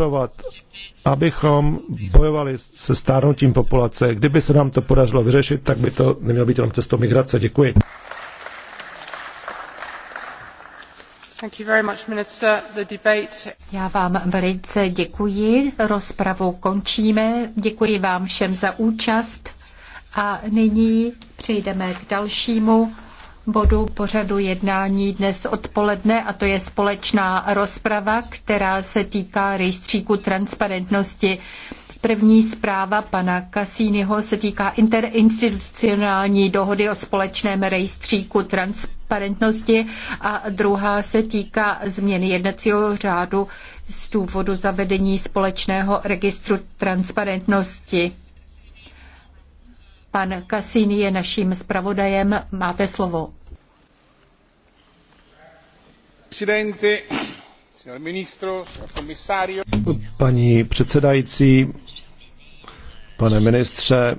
podporovat, abychom bojovali se stárnutím populace. Kdyby se nám to podařilo vyřešit, tak by to nemělo být jenom cestou migrace. Děkuji. Já vám velice děkuji. Rozpravu končíme. Děkuji vám všem za účast. A nyní přejdeme k dalšímu bodu pořadu jednání dnes odpoledne a to je společná rozprava, která se týká rejstříku transparentnosti. První zpráva pana Cassínyho se týká interinstitucionální dohody o společném rejstříku transparentnosti a druhá se týká změny jednacího řádu z důvodu zavedení společného registru transparentnosti. Pan Cassini je naším zpravodajem. Máte slovo. Paní předsedající, pane ministře,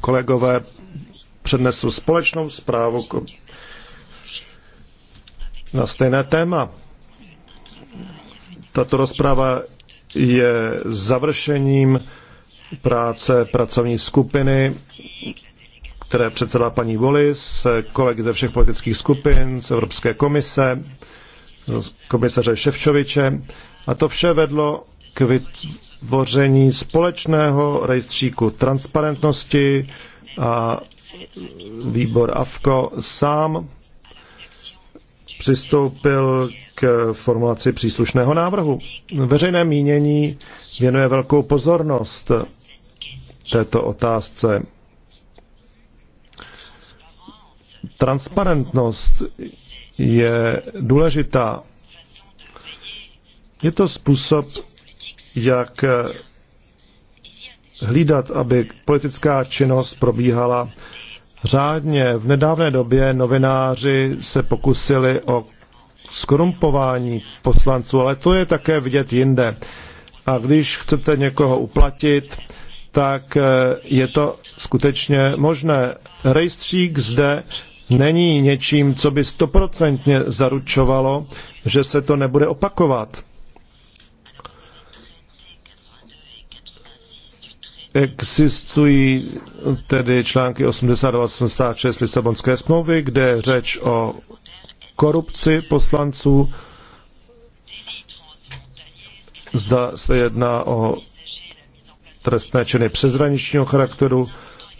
kolegové, přednesu společnou zprávu na stejné téma. Tato rozprava je završením práce pracovní skupiny které předsedá paní Wallis, kolegy ze všech politických skupin, z Evropské komise, komisaře Ševčoviče. A to vše vedlo k vytvoření společného rejstříku transparentnosti a výbor AFKO sám přistoupil k formulaci příslušného návrhu. Veřejné mínění věnuje velkou pozornost této otázce. Transparentnost je důležitá. Je to způsob, jak hlídat, aby politická činnost probíhala řádně. V nedávné době novináři se pokusili o skorumpování poslanců, ale to je také vidět jinde. A když chcete někoho uplatit, tak je to skutečně možné. Rejstřík zde není něčím, co by stoprocentně zaručovalo, že se to nebude opakovat. Existují tedy články 82 a 86 Lisabonské smlouvy, kde je řeč o korupci poslanců. Zda se jedná o trestné činy přezraničního charakteru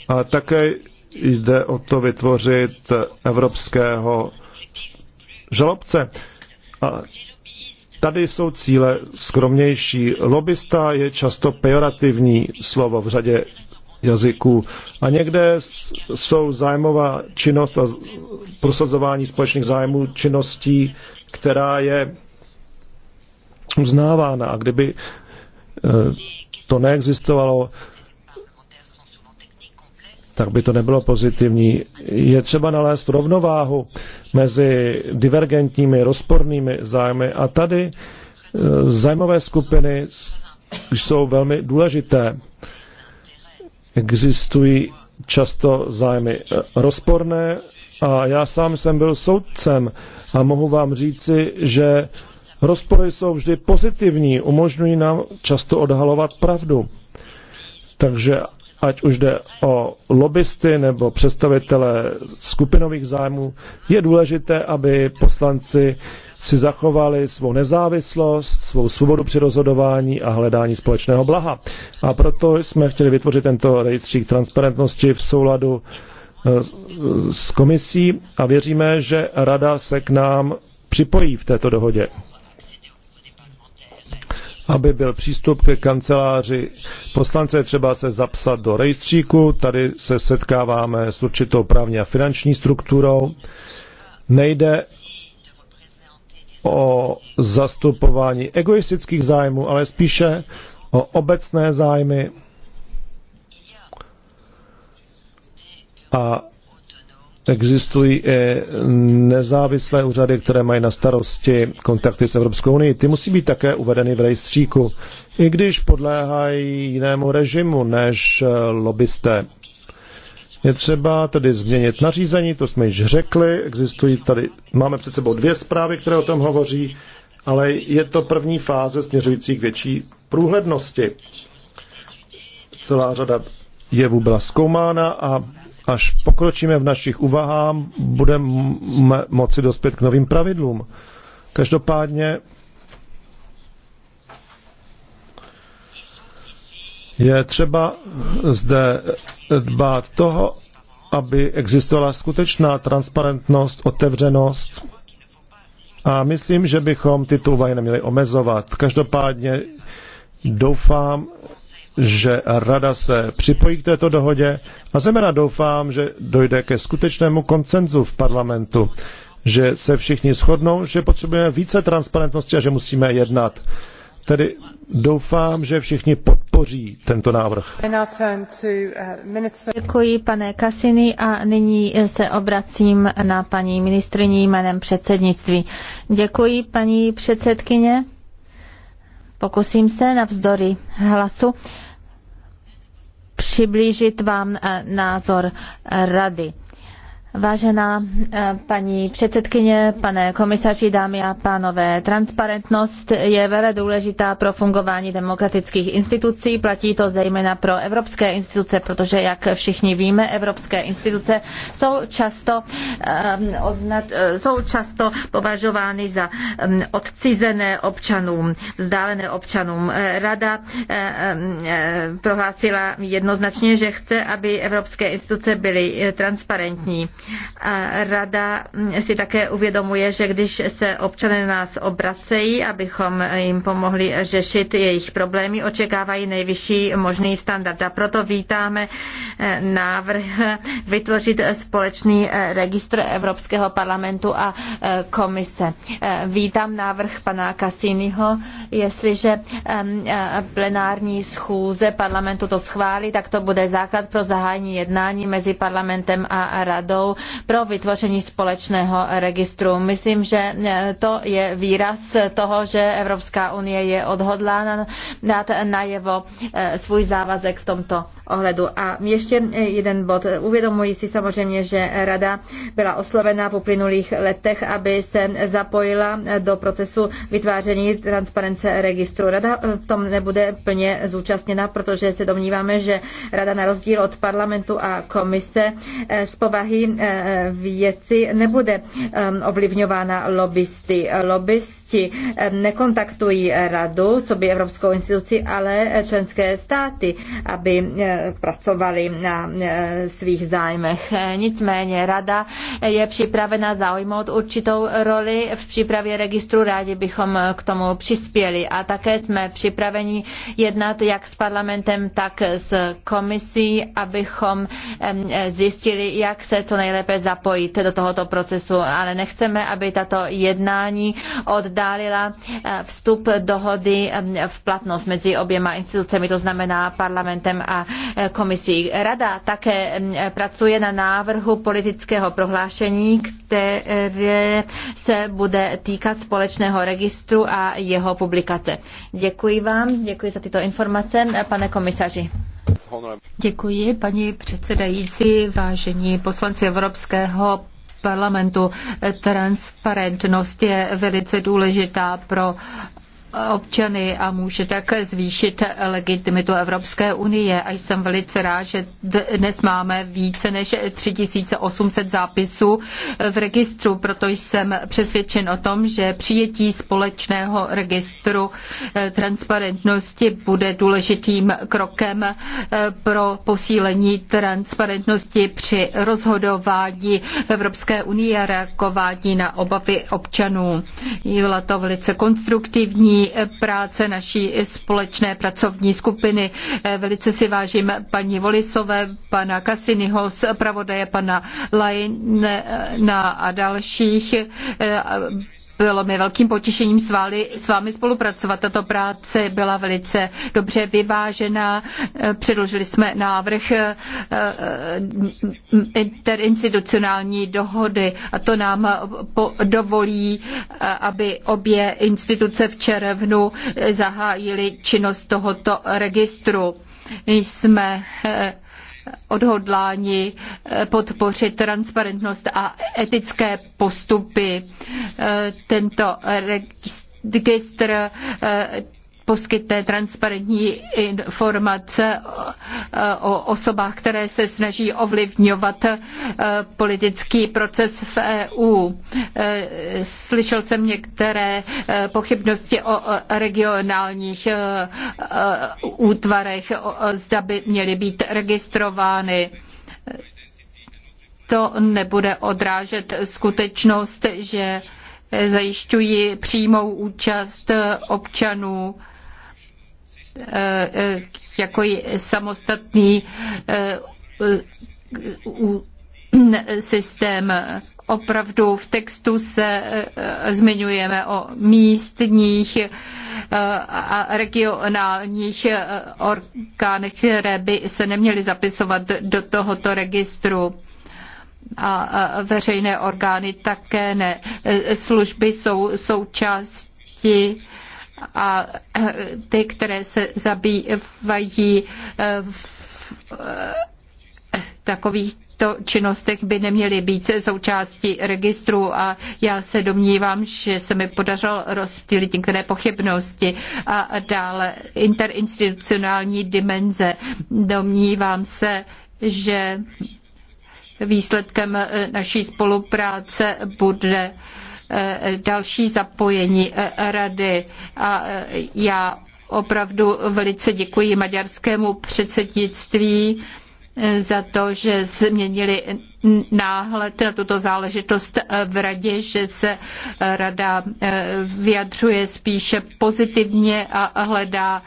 a také jde o to vytvořit evropského žalobce. A tady jsou cíle skromnější. Lobista je často pejorativní slovo v řadě jazyků. A někde jsou zájmová činnost a prosazování společných zájmů činností, která je uznávána. A kdyby eh, to neexistovalo, tak by to nebylo pozitivní. Je třeba nalézt rovnováhu mezi divergentními, rozpornými zájmy a tady e, zájmové skupiny jsou velmi důležité. Existují často zájmy e, rozporné a já sám jsem byl soudcem a mohu vám říci, že rozpory jsou vždy pozitivní, umožňují nám často odhalovat pravdu. Takže ať už jde o lobbysty nebo představitele skupinových zájmů, je důležité, aby poslanci si zachovali svou nezávislost, svou svobodu při rozhodování a hledání společného blaha. A proto jsme chtěli vytvořit tento rejstřík transparentnosti v souladu eh, s komisí a věříme, že Rada se k nám připojí v této dohodě aby byl přístup ke kanceláři poslance, třeba se zapsat do rejstříku, tady se setkáváme s určitou právní a finanční strukturou. Nejde o zastupování egoistických zájmů, ale spíše o obecné zájmy. A existují i nezávislé úřady, které mají na starosti kontakty s Evropskou unii. Ty musí být také uvedeny v rejstříku, i když podléhají jinému režimu než lobbysté. Je třeba tedy změnit nařízení, to jsme již řekli, existují tady, máme před sebou dvě zprávy, které o tom hovoří, ale je to první fáze směřující k větší průhlednosti. Celá řada jevů byla zkoumána a až pokročíme v našich úvahách, budeme moci dospět k novým pravidlům. Každopádně je třeba zde dbát toho, aby existovala skutečná transparentnost, otevřenost. A myslím, že bychom tyto úvahy neměli omezovat. Každopádně doufám, že Rada se připojí k této dohodě a zejména doufám, že dojde ke skutečnému koncenzu v parlamentu, že se všichni shodnou, že potřebujeme více transparentnosti a že musíme jednat. Tedy doufám, že všichni podpoří tento návrh. Děkuji, pane Kasiny, a nyní se obracím na paní ministrině jménem předsednictví. Děkuji, paní předsedkyně. Pokusím se navzdory hlasu přiblížit vám eh, názor eh, rady. Vážená eh, paní předsedkyně, pane komisaři, dámy a pánové, transparentnost je velmi důležitá pro fungování demokratických institucí. Platí to zejména pro evropské instituce, protože, jak všichni víme, evropské instituce jsou často, um, oznat, eh, jsou často považovány za um, odcizené občanům, vzdálené občanům. Rada um, prohlásila jednoznačně, že chce, aby evropské instituce byly transparentní Rada si také uvědomuje, že když se občané na nás obracejí, abychom jim pomohli řešit jejich problémy, očekávají nejvyšší možný standard. A proto vítáme eh, návrh vytvořit společný eh, registr Evropského parlamentu a eh, komise. Vítám návrh pana Cassiniho. Jestliže plenární schůze parlamentu to schválí, tak to bude základ pro zahájení jednání mezi parlamentem a radou pro vytvoření společného registru. Myslím, že eh, to je výraz toho, že Evropská unie je odhodlána dát najevo eh, svůj závazek v tomto ohledu. A ještě eh, jeden bod. Uvědomuji si samozřejmě, že Rada byla oslovena v uplynulých letech, aby se zapojila do procesu vytváření transparence registru. Rada v tom nebude plně zúčastněna, protože se domníváme, že Rada na rozdíl od parlamentu a komise z povahy Eh, věci nebude ehm, ovlivňována lobbysty. Lobbysti ehm, nekontaktují radu, co by Evropskou instituci, ale členské státy, aby eh, pracovali na eh, svých zájmech. Nicméně rada je připravena zaujmout určitou roli v přípravě registru. Rádi bychom k tomu přispěli a také jsme připraveni jednat jak s parlamentem, tak s komisí, abychom ehm, zjistili, jak se co nejlépe nejlépe zapojit do tohoto procesu, ale nechceme, aby tato jednání oddálila eh, vstup dohody eh, v platnost mezi oběma institucemi, to znamená parlamentem a eh, komisí. Rada také mm, pracuje na návrhu politického prohlášení, které se bude týkat společného registru a jeho publikace. Děkuji vám, děkuji za tyto informace, pane komisaři. Děkuji, paní předsedající, vážení poslanci Evropského parlamentu. Transparentnost je velice důležitá pro občany a může tak zvýšit legitimitu Evropské unie. A jsem velice rád, že dnes máme více než 3800 zápisů v registru, proto jsem přesvědčen o tom, že přijetí společného registru eh, transparentnosti bude důležitým krokem eh, pro posílení transparentnosti při rozhodování v Evropské unii a reagování na obavy občanů. Byla to velice konstruktivní práce naší společné pracovní skupiny. Velice si vážím paní Volisové, pana Kasinyho, zpravodaje pana Lajna a dalších bylo mi velkým potěšením s, s vámi spolupracovat. Tato práce byla velice dobře vyvážená. Eh, předložili jsme návrh eh, eh, interinstitucionální dohody a to nám dovolí, aby obě instituce v červnu zahájily činnost tohoto registru. Jsme odhodláni eh, podpořit transparentnost a etické postupy. Eh, tento registr eh, poskytne transparentní informace o osobách, které se snaží ovlivňovat eh, politický proces v EU. Eh, slyšel jsem některé eh, pochybnosti o regionálních útvarech, zda by měly být registrovány to nebude odrážet skutečnost, že zajišťují přímou účast občanů Eh, jako samostatný eh, systém. Opravdu v textu se eh, zmiňujeme o místních a regionálních orgánech, které by se neměly zapisovat do tohoto registru a veřejné orgány také ne. Služby jsou součástí a eh, ty, které se zabývají eh, v eh, takových činnostech by neměly být součástí registru a já se domnívám, že se mi podařilo rozptýlit některé pochybnosti a dále interinstitucionální dimenze. Domnívám se, že výsledkem naší spolupráce bude další zapojení rady. A já opravdu velice děkuji maďarskému předsednictví za to, že změnili náhled na tuto záležitost v radě, že se rada vyjadřuje spíše pozitivně a hledá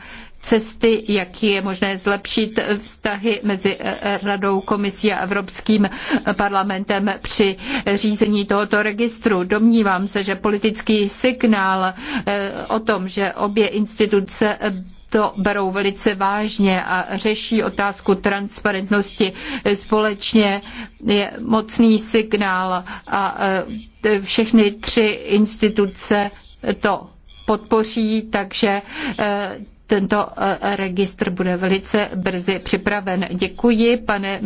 cesty, jak je možné zlepšit vztahy mezi Radou, Komisí a Evropským parlamentem při řízení tohoto registru. Domnívám se, že politický signál eh, o tom, že obě instituce to berou velice vážně a řeší otázku transparentnosti společně, je mocný signál a eh, všechny tři instituce to podpoří, takže eh, tento eh, registr bude velice brzy připraven. Děkuji, pane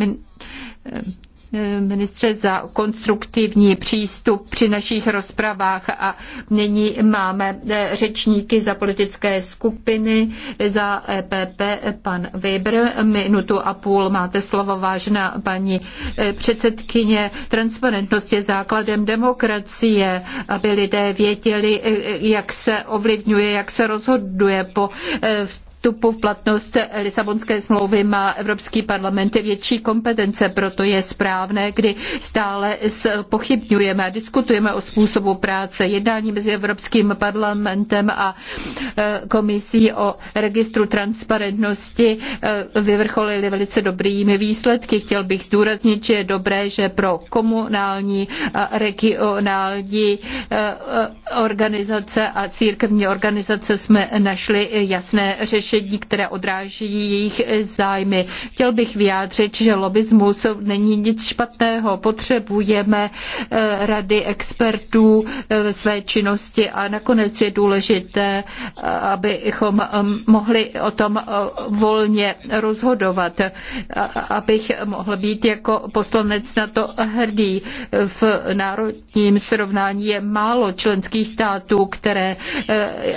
ministře, za konstruktivní přístup při našich rozpravách a nyní máme eh, řečníky za politické skupiny, za EPP, pan Weber, minutu a půl máte slovo, vážná paní eh, předsedkyně. Transparentnost je základem demokracie, aby lidé věděli, eh, jak se ovlivňuje, jak se rozhoduje po vstupu v platnost Lisabonské smlouvy má Evropský parlament větší kompetence, proto je správné, kdy stále pochybňujeme a diskutujeme o způsobu práce. Jednání mezi Evropským parlamentem a e, komisí o registru transparentnosti e, vyvrcholily velice dobrými výsledky. Chtěl bych zdůraznit, že je dobré, že pro komunální a regionální e, organizace a církevní organizace jsme našli jasné řešení řešení, které odráží jejich zájmy. Chtěl bych vyjádřit, že lobismus není nic špatného. Potřebujeme eh, rady expertů eh, ve své činnosti a nakonec je důležité, eh, abychom ehm, mohli o tom volně rozhodovat, abych mohl být jako poslanec na to hrdý. V národním srovnání je málo členských států, které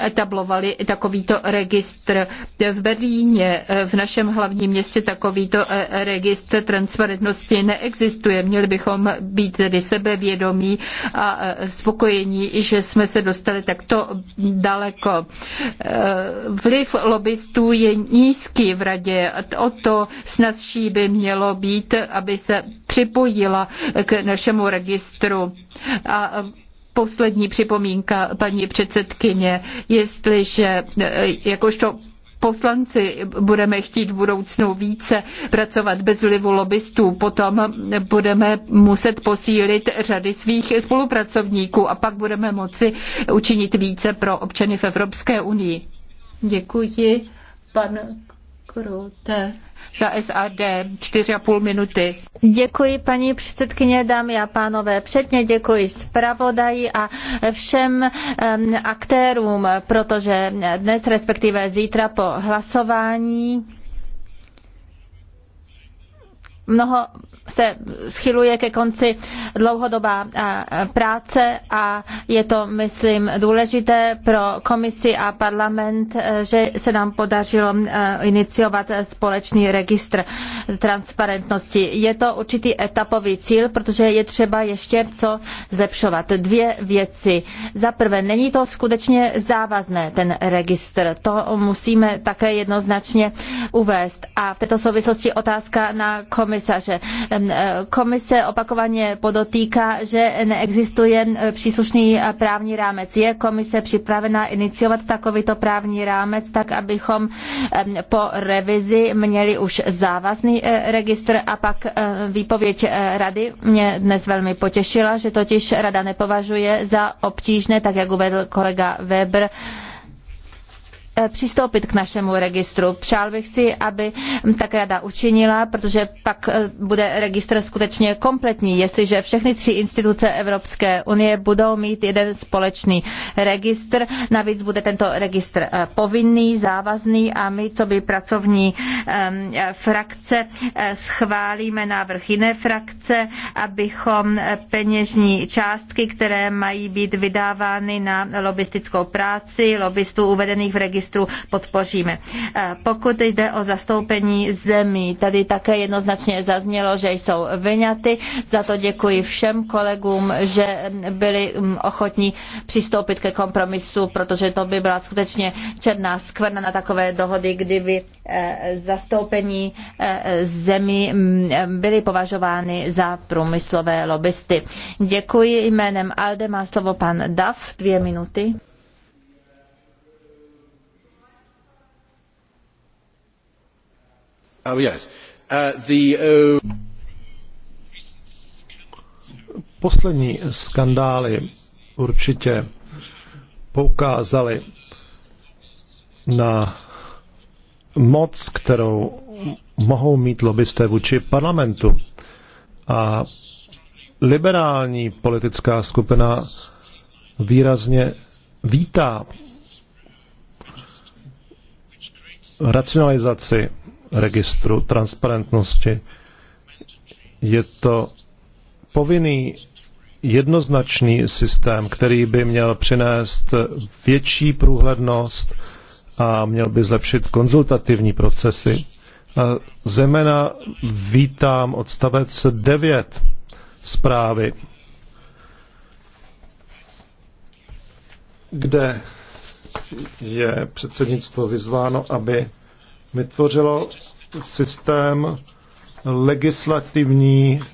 etablovaly takovýto registr v Berlíně, eh, v našem hlavním městě, takovýto eh, registr transparentnosti neexistuje. Měli bychom být tedy sebevědomí a eh, spokojení, že jsme se dostali takto daleko. Vliv lobbystů je nízký v radě. O to snazší by mělo být, aby se připojila k našemu registru. A poslední připomínka, paní předsedkyně, jestliže jakožto poslanci budeme chtít v budoucnu více pracovat bez vlivu lobbystů, potom budeme muset posílit řady svých spolupracovníků a pak budeme moci učinit více pro občany v Evropské unii. Děkuji. Pan za SAD 4,5 minuty. Děkuji paní předsedkyně, dámy a pánové. Předně děkuji zpravodaji a všem um, aktérům, protože dnes, respektive zítra po hlasování mnoho se schyluje ke konci dlouhodobá práce a je to, myslím, důležité pro komisi a parlament, e, že se nám podařilo e, iniciovat společný registr transparentnosti. Je to určitý etapový cíl, protože je třeba ještě co zlepšovat. Dvě věci. Za prvé, není to skutečně závazné, ten registr. To musíme také jednoznačně uvést. A v této souvislosti otázka na komisaře Ehm, komise opakovaně podotýká, že neexistuje eh, příslušný eh, právní rámec. Je komise připravena iniciovat takovýto právní rámec, tak abychom ehm, po revizi měli už závazný eh, registr a pak výpověď rady mě dnes velmi potěšila, že totiž rada nepovažuje za obtížné, tak jak uvedl kolega Weber, Eh, přistoupit k našemu registru. Přál bych si, aby tak rada učinila, protože pak eh, bude registr skutečně kompletní, jestliže všechny tři instituce Evropské unie budou mít jeden společný registr. Navíc bude tento registr eh, povinný, závazný a my, co by pracovní ehm, frakce, schválíme návrh jiné frakce, abychom peněžní částky, které mají být vydávány na lobistickou práci, lobbystů uvedených v registru, registru podpoříme. Eh, pokud jde o zastoupení zemí, tady také jednoznačně zaznělo, že jsou vyňaty. Za to děkuji všem kolegům, že byli mm, ochotní přistoupit ke kompromisu, protože to by byla skutečně černá skvrna na takové dohody, kdyby eh, zastoupení eh, zemí mm, byly považovány za průmyslové lobbysty. Děkuji jménem Alde, má slovo pan Duff, dvě minuty. Oh, uh, uh, Poslední skandály určitě poukázaly na moc, kterou mohou mít lobbysté vůči parlamentu. A liberální politická skupina výrazně vítá racionalizaci registru transparentnosti. Je to povinný jednoznačný systém, který by měl přinést větší průhlednost a měl by zlepšit konzultativní procesy. Zemena vítám odstavec 9 zprávy, kde je předsednictvo vyzváno, aby vytvořilo systém legislativního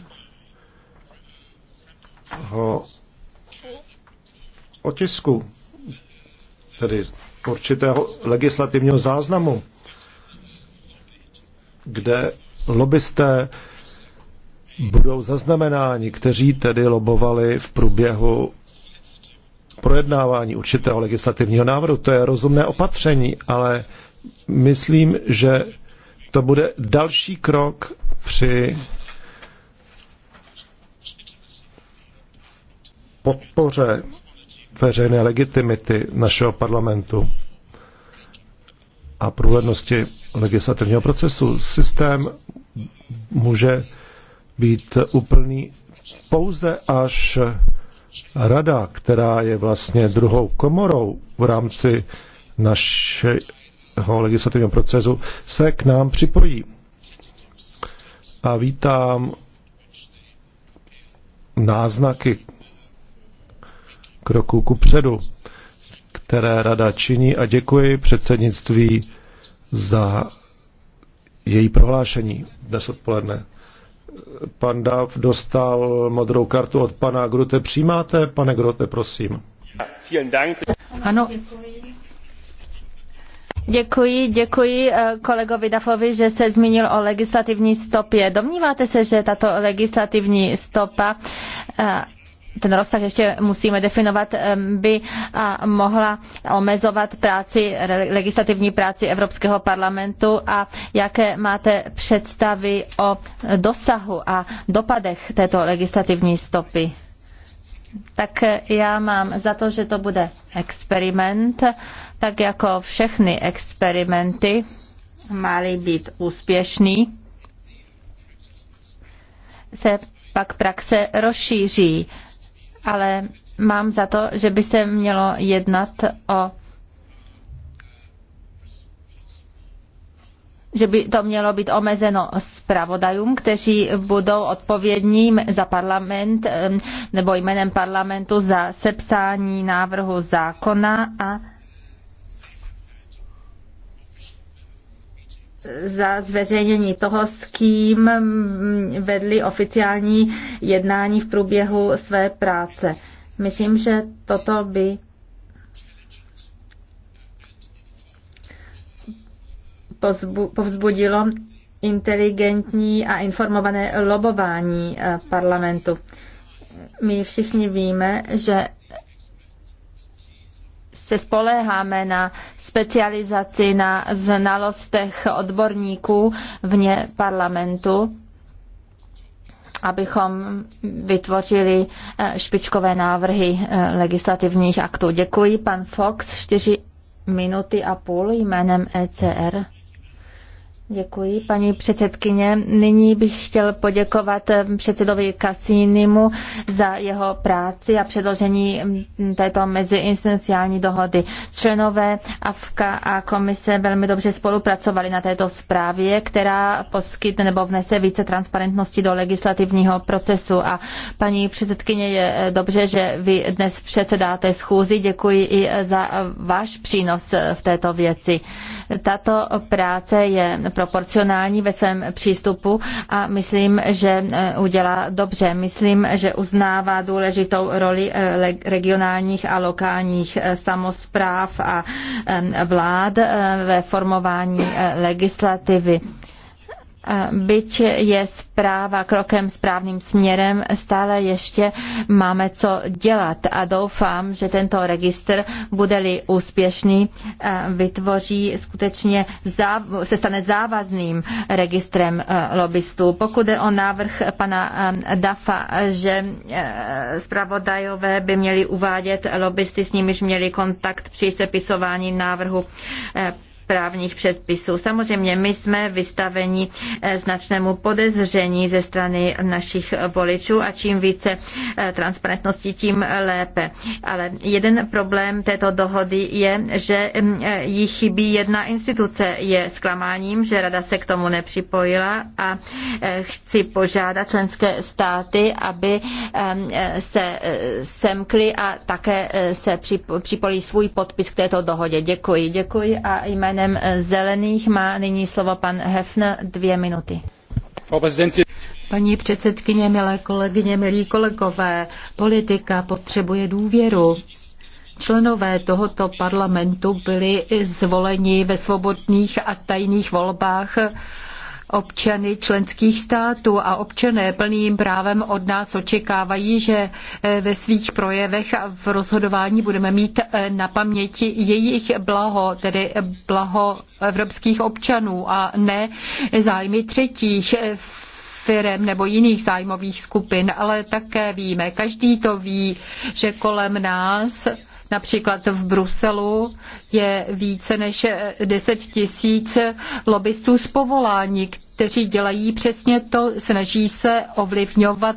otisku, tedy určitého legislativního záznamu, kde lobbysté budou zaznamenáni, kteří tedy lobovali v průběhu projednávání určitého legislativního návrhu. To je rozumné opatření, ale myslím, že to bude další krok při podpoře veřejné legitimity našeho parlamentu a průhlednosti legislativního procesu. Systém může být úplný pouze až rada, která je vlastně druhou komorou v rámci naše, legislativního procesu se k nám připojí. A vítám náznaky kroků ku předu, které rada činí a děkuji předsednictví za její prohlášení dnes odpoledne. Pan Dav dostal modrou kartu od pana Grote. Přijímáte, pane Grote, prosím? Ano, Děkuji, děkuji eh, kolegovi Dafovi, že se zmínil o legislativní stopě. Domníváte se, že tato legislativní stopa eh, ten rozsah ještě musíme definovat, eh, by mohla omezovat práci, legislativní práci Evropského parlamentu a jaké máte představy o dosahu a dopadech této legislativní stopy? Tak já mám za to, že to bude experiment tak jako všechny experimenty máli být úspěšný, se pak praxe rozšíří, ale mám za to, že by se mělo jednat o že by to mělo být omezeno zpravodajům, kteří budou odpovědní za parlament nebo jménem parlamentu za sepsání návrhu zákona a za zveřejnění toho, s kým mm, vedli oficiální jednání v průběhu své práce. Myslím, že toto by povzbudilo inteligentní a informované lobování eh, parlamentu. My všichni víme, že se spoléháme na specializaci na znalostech odborníků vně parlamentu abychom vytvořili eh, špičkové návrhy eh, legislativních aktů. Děkuji, pan Fox, čtyři minuty a půl jménem ECR. Děkuji, paní předsedkyně. Nyní bych chtěl poděkovat eh, předsedovi Cassinimu za jeho práci a předložení mm, této meziinstitucionální dohody. Členové AFKA a komise velmi dobře spolupracovali na této zprávě, která poskytne nebo vnese více transparentnosti do legislativního procesu. A paní předsedkyně, je eh, dobře, že vy dnes předsedáte schůzi. Děkuji i eh, za váš přínos v této věci. Tato práce je proporcionální ve svém přístupu a myslím, že eh, udělá dobře. Myslím, že uznává důležitou roli eh, regionálních a lokálních eh, samozpráv a vlád ve formování legislativy byť je zpráva krokem správným směrem, stále ještě máme co dělat a doufám, že tento registr bude-li úspěšný, vytvoří skutečně, se stane závazným registrem e, lobbystů. Pokud jde o návrh pana e, Dafa, že e, zpravodajové by měli uvádět lobbysty, s nimiž měli kontakt při sepisování návrhu právních předpisů. Samozřejmě my jsme vystaveni eh, značnému podezření ze strany našich voličů a čím více eh, transparentnosti, tím lépe. Ale jeden problém této dohody je, že mm, eh, jí chybí jedna instituce. Je zklamáním, že Rada se k tomu nepřipojila a chci požádat členské státy, aby ehm, se semkli a také se připojí svůj podpis k této dohodě. Děkuji, děkuji a jménem jménem eh, zelených má nyní slovo pan Hefner dvě minuty. Paní předsedkyně, milé kolegyně, milí kolegové, politika potřebuje důvěru. Členové tohoto parlamentu byli zvoleni ve svobodných a tajných volbách občany členských států a občané plným právem od nás očekávají, že eh, ve svých projevech a v rozhodování budeme mít eh, na paměti jejich blaho, tedy blaho evropských občanů a ne zájmy třetích eh, firem nebo jiných zájmových skupin, ale také víme, každý to ví, že kolem nás Například v Bruselu je více než 10 tisíc lobbystů z povolání, kteří dělají přesně to, snaží se ovlivňovat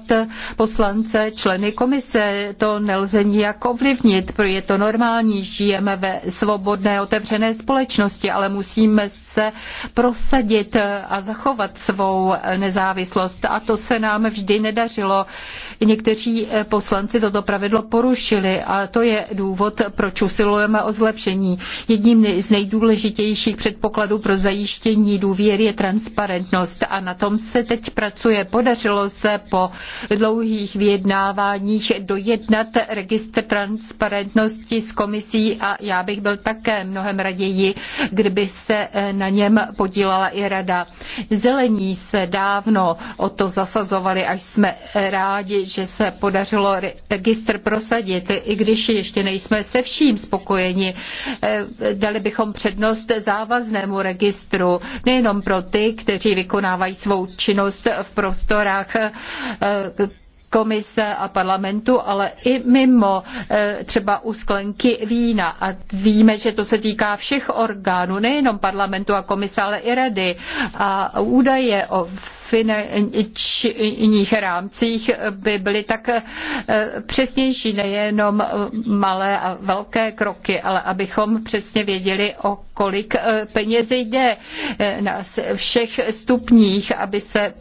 poslance, členy komise. To nelze nijak ovlivnit, protože je to normální, žijeme ve svobodné, otevřené společnosti, ale musíme se prosadit a zachovat svou nezávislost. A to se nám vždy nedařilo. Někteří poslanci toto pravidlo porušili a to je důvod, proč usilujeme o zlepšení. Jedním z nejdůležitějších předpokladů pro zajištění důvěry je transparentnost nutnost a na tom se teď pracuje. Podařilo se po dlouhých vyjednáváních dojednat registr transparentnosti s komisí a já bych byl také mnohem raději, kdyby se eh, na něm podílala i rada. Zelení se dávno o to zasazovali, až jsme rádi, že se podařilo registr prosadit, i když ještě nejsme se vším spokojeni. Eh, dali bychom přednost závaznému registru, nejenom pro ty, kteří vykonávají svou činnost v prostorách, eh, komise a parlamentu, ale i mimo eh, třeba u sklenky vína. A víme, že to se týká všech orgánů, nejenom parlamentu a komise, ale i rady. A údaje o finančních rámcích by byly tak eh, přesnější, nejenom malé a velké kroky, ale abychom přesně věděli, o kolik eh, peněz jde na všech stupních, aby se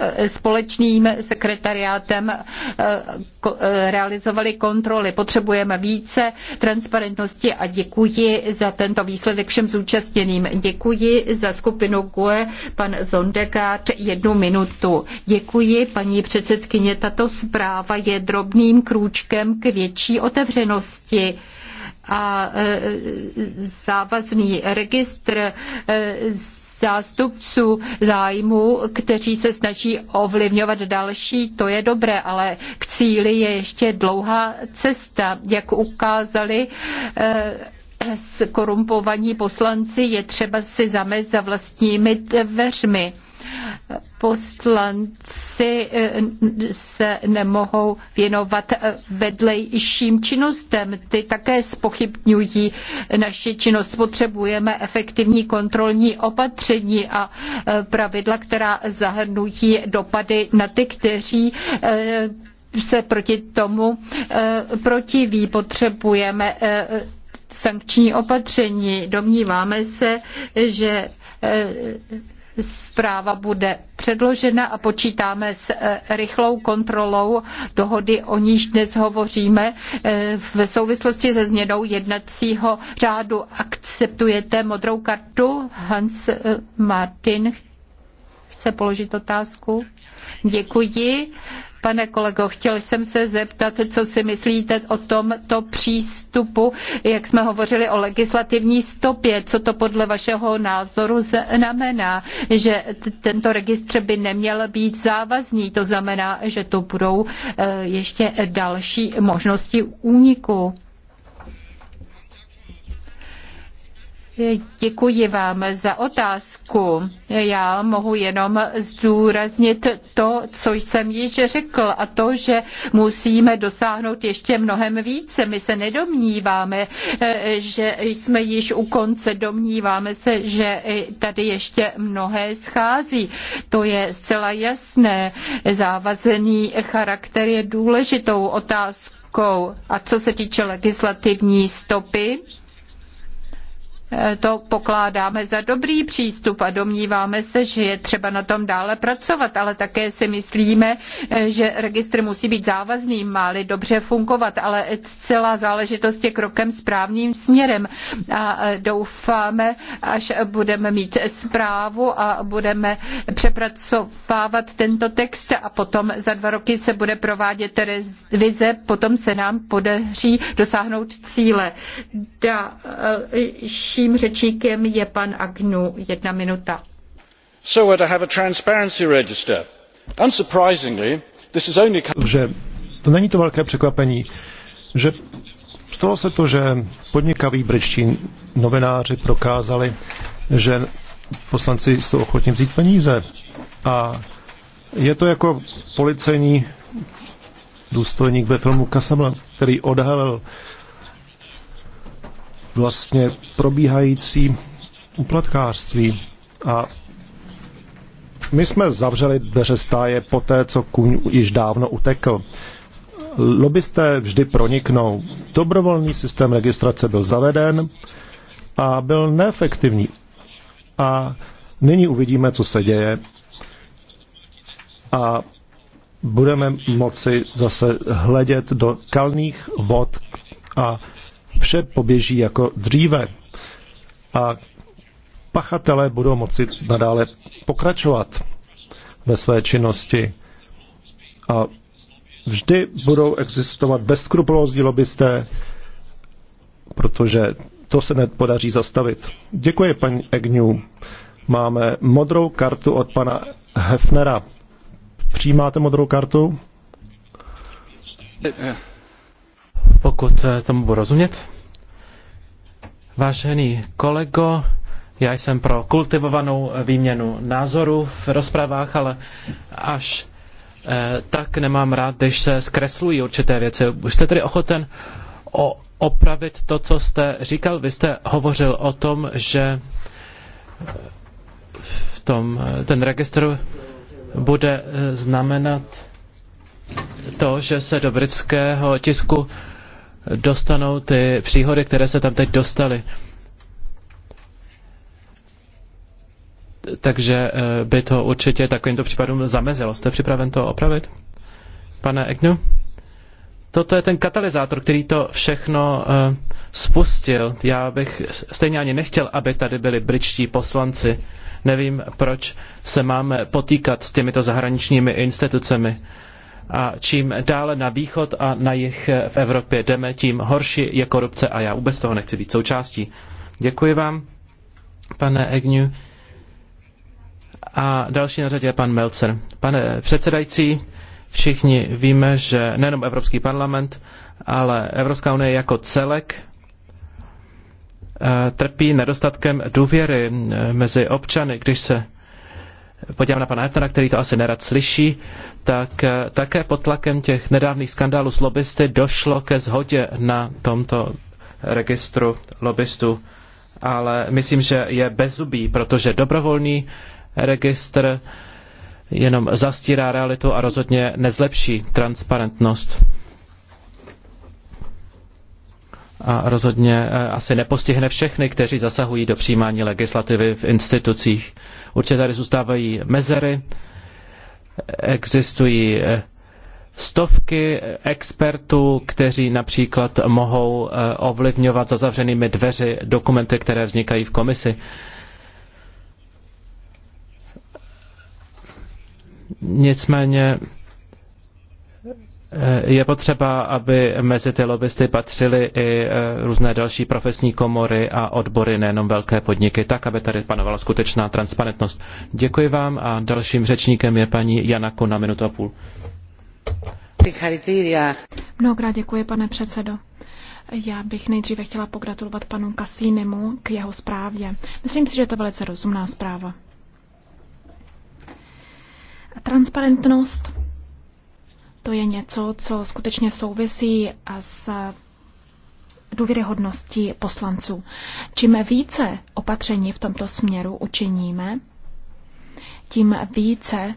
Eh, společným sekretariátem eh, eh, realizovali kontroly. Potřebujeme více transparentnosti a děkuji za tento výsledek všem zúčastněným. Děkuji za skupinu GUE, pan Zondegard, jednu minutu. Děkuji, paní předsedkyně. Tato zpráva je drobným krůčkem k větší otevřenosti a závazný registr z zástupců zájmu, kteří se snaží ovlivňovat další, to je dobré, ale k cíli je ještě dlouhá cesta, jak ukázali eh, skorumpovaní poslanci, je třeba si zamést za vlastními dveřmi. Poslanci eh, se nemohou věnovat eh, vedlejším činnostem. Ty také spochybňují naši činnost. Potřebujeme efektivní kontrolní opatření a eh, pravidla, která zahrnují dopady na ty, kteří se proti tomu protiví. Potřebujeme sankční opatření. Domníváme se, že Zpráva bude předložena a počítáme s e, rychlou kontrolou dohody, o níž dnes hovoříme e, v souvislosti se změnou jednacího řádu. Akceptujete modrou kartu? Hans e, Martin chce položit otázku? Děkuji. Pane kolego, chtěl jsem se zeptat, co si myslíte o tomto přístupu, jak jsme hovořili o legislativní stopě, co to podle vašeho názoru znamená, že tento registr by neměl být závazný, to znamená, že tu budou eh, ještě další možnosti úniku. Děkuji vám za otázku. Já mohu jenom zdůraznit to, co jsem již řekl, a to, že musíme dosáhnout ještě mnohem více. My se nedomníváme, eh, že jsme již u konce, domníváme se, že tady ještě mnohé schází. To je zcela jasné. Závazený charakter je důležitou otázkou. A co se týče legislativní stopy, to pokládáme za dobrý přístup a domníváme se, že je třeba na tom dále pracovat, ale také si myslíme, že registr musí být závazným, má-li dobře fungovat, ale celá záležitost je krokem správným směrem a doufáme, až budeme mít zprávu a budeme přepracovávat tento text a potom za dva roky se bude provádět revize, potom se nám podaří dosáhnout cíle. Další Dalším řečníkem je pan Agnu. Jedna minuta. So we're uh, to have a transparency register. Unsurprisingly, this is only... Že to není to velké překvapení, že stalo se to, že podnikaví britští novináři prokázali, že poslanci jsou ochotni vzít peníze. A je to jako policejní důstojník ve filmu Casablanca, který odhalil vlastně probíhající úplatkářství. A my jsme zavřeli dveře stáje po té, co kůň již dávno utekl. Lobbysté vždy proniknou. Dobrovolný systém registrace byl zaveden a byl neefektivní. A nyní uvidíme, co se děje. A budeme moci zase hledět do kalných vod a vše poběží jako dříve a pachatelé budou moci nadále pokračovat ve své činnosti a vždy budou existovat bezskrupulózní lobbysté, protože to se nepodaří zastavit. Děkuji, paní Egňů. Máme modrou kartu od pana Hefnera. Přijímáte modrou kartu? Eh, eh pokud eh, tomu budu rozumět. Vážený kolego, já jsem pro kultivovanou eh, výměnu názorů v rozpravách, ale až eh, tak nemám rád, když se zkreslují určité věci. Už jste tedy ochoten o, opravit to, co jste říkal? Vy jste hovořil o tom, že v tom, ten registr bude znamenat to, že se do britského tisku dostanou ty příhody, které se tam teď dostaly. Takže eh, by to určitě takovýmto případům zamezilo. Jste připraven to opravit? Pane Egnu? Toto je ten katalyzátor, který to všechno uh, spustil. Já bych stejně ani nechtěl, aby tady byli britští poslanci. Nevím, proč se máme potýkat s těmito zahraničními institucemi. Uh, a čím dále na východ a na jih v Evropě jdeme, tím horší je korupce a já vůbec toho nechci být součástí. Děkuji vám, pane Egnu. A další na řadě je pan Melcer. Pane předsedající, všichni víme, že nejenom Evropský parlament, ale Evropská unie jako celek eh, trpí nedostatkem důvěry eh, mezi občany, když se podívám na pana Hefnera, který to asi nerad slyší, tak eh, také pod tlakem těch nedávných skandálů s lobbysty došlo ke zhodě na tomto registru lobbystů. Ale myslím, že je bezubý, protože dobrovolný registr jenom zastírá realitu a rozhodně nezlepší transparentnost. A rozhodně eh, asi nepostihne všechny, kteří zasahují do přijímání legislativy v institucích. Určitě tady zůstávají mezery, existují eh, stovky expertů, kteří například mohou eh, ovlivňovat za zavřenými dveři dokumenty, které vznikají v komisi. Nicméně Eh, je potřeba, aby mezi ty lobbysty patřily i eh, různé další profesní komory a odbory, nejenom velké podniky, tak, aby tady panovala skutečná transparentnost. Děkuji vám a dalším řečníkem je paní Jana Kona, minutu a půl. Mnohokrát děkuji, pane předsedo. Já bych nejdříve chtěla pogratulovat panu Kasínemu k jeho zprávě. Myslím si, že je to velice rozumná zpráva. Transparentnost to je něco, co skutečně souvisí s důvěryhodností poslanců. Čím více opatření v tomto směru učiníme, tím více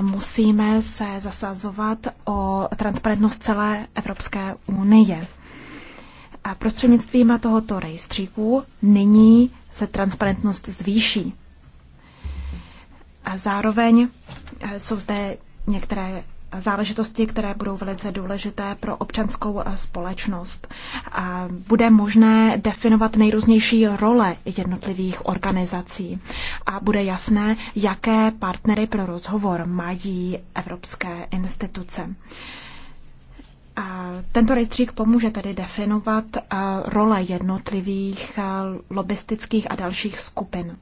musíme se zasazovat o transparentnost celé Evropské unie. A prostřednictvím tohoto rejstříku nyní se transparentnost zvýší. A zároveň jsou zde některé záležitosti, které budou velice důležité pro občanskou eh, společnost. Bude možné definovat nejrůznější role jednotlivých organizací a bude jasné, jaké partnery pro rozhovor mají evropské instituce. A tento rejstřík pomůže tedy definovat eh, role jednotlivých eh, lobistických a dalších skupin.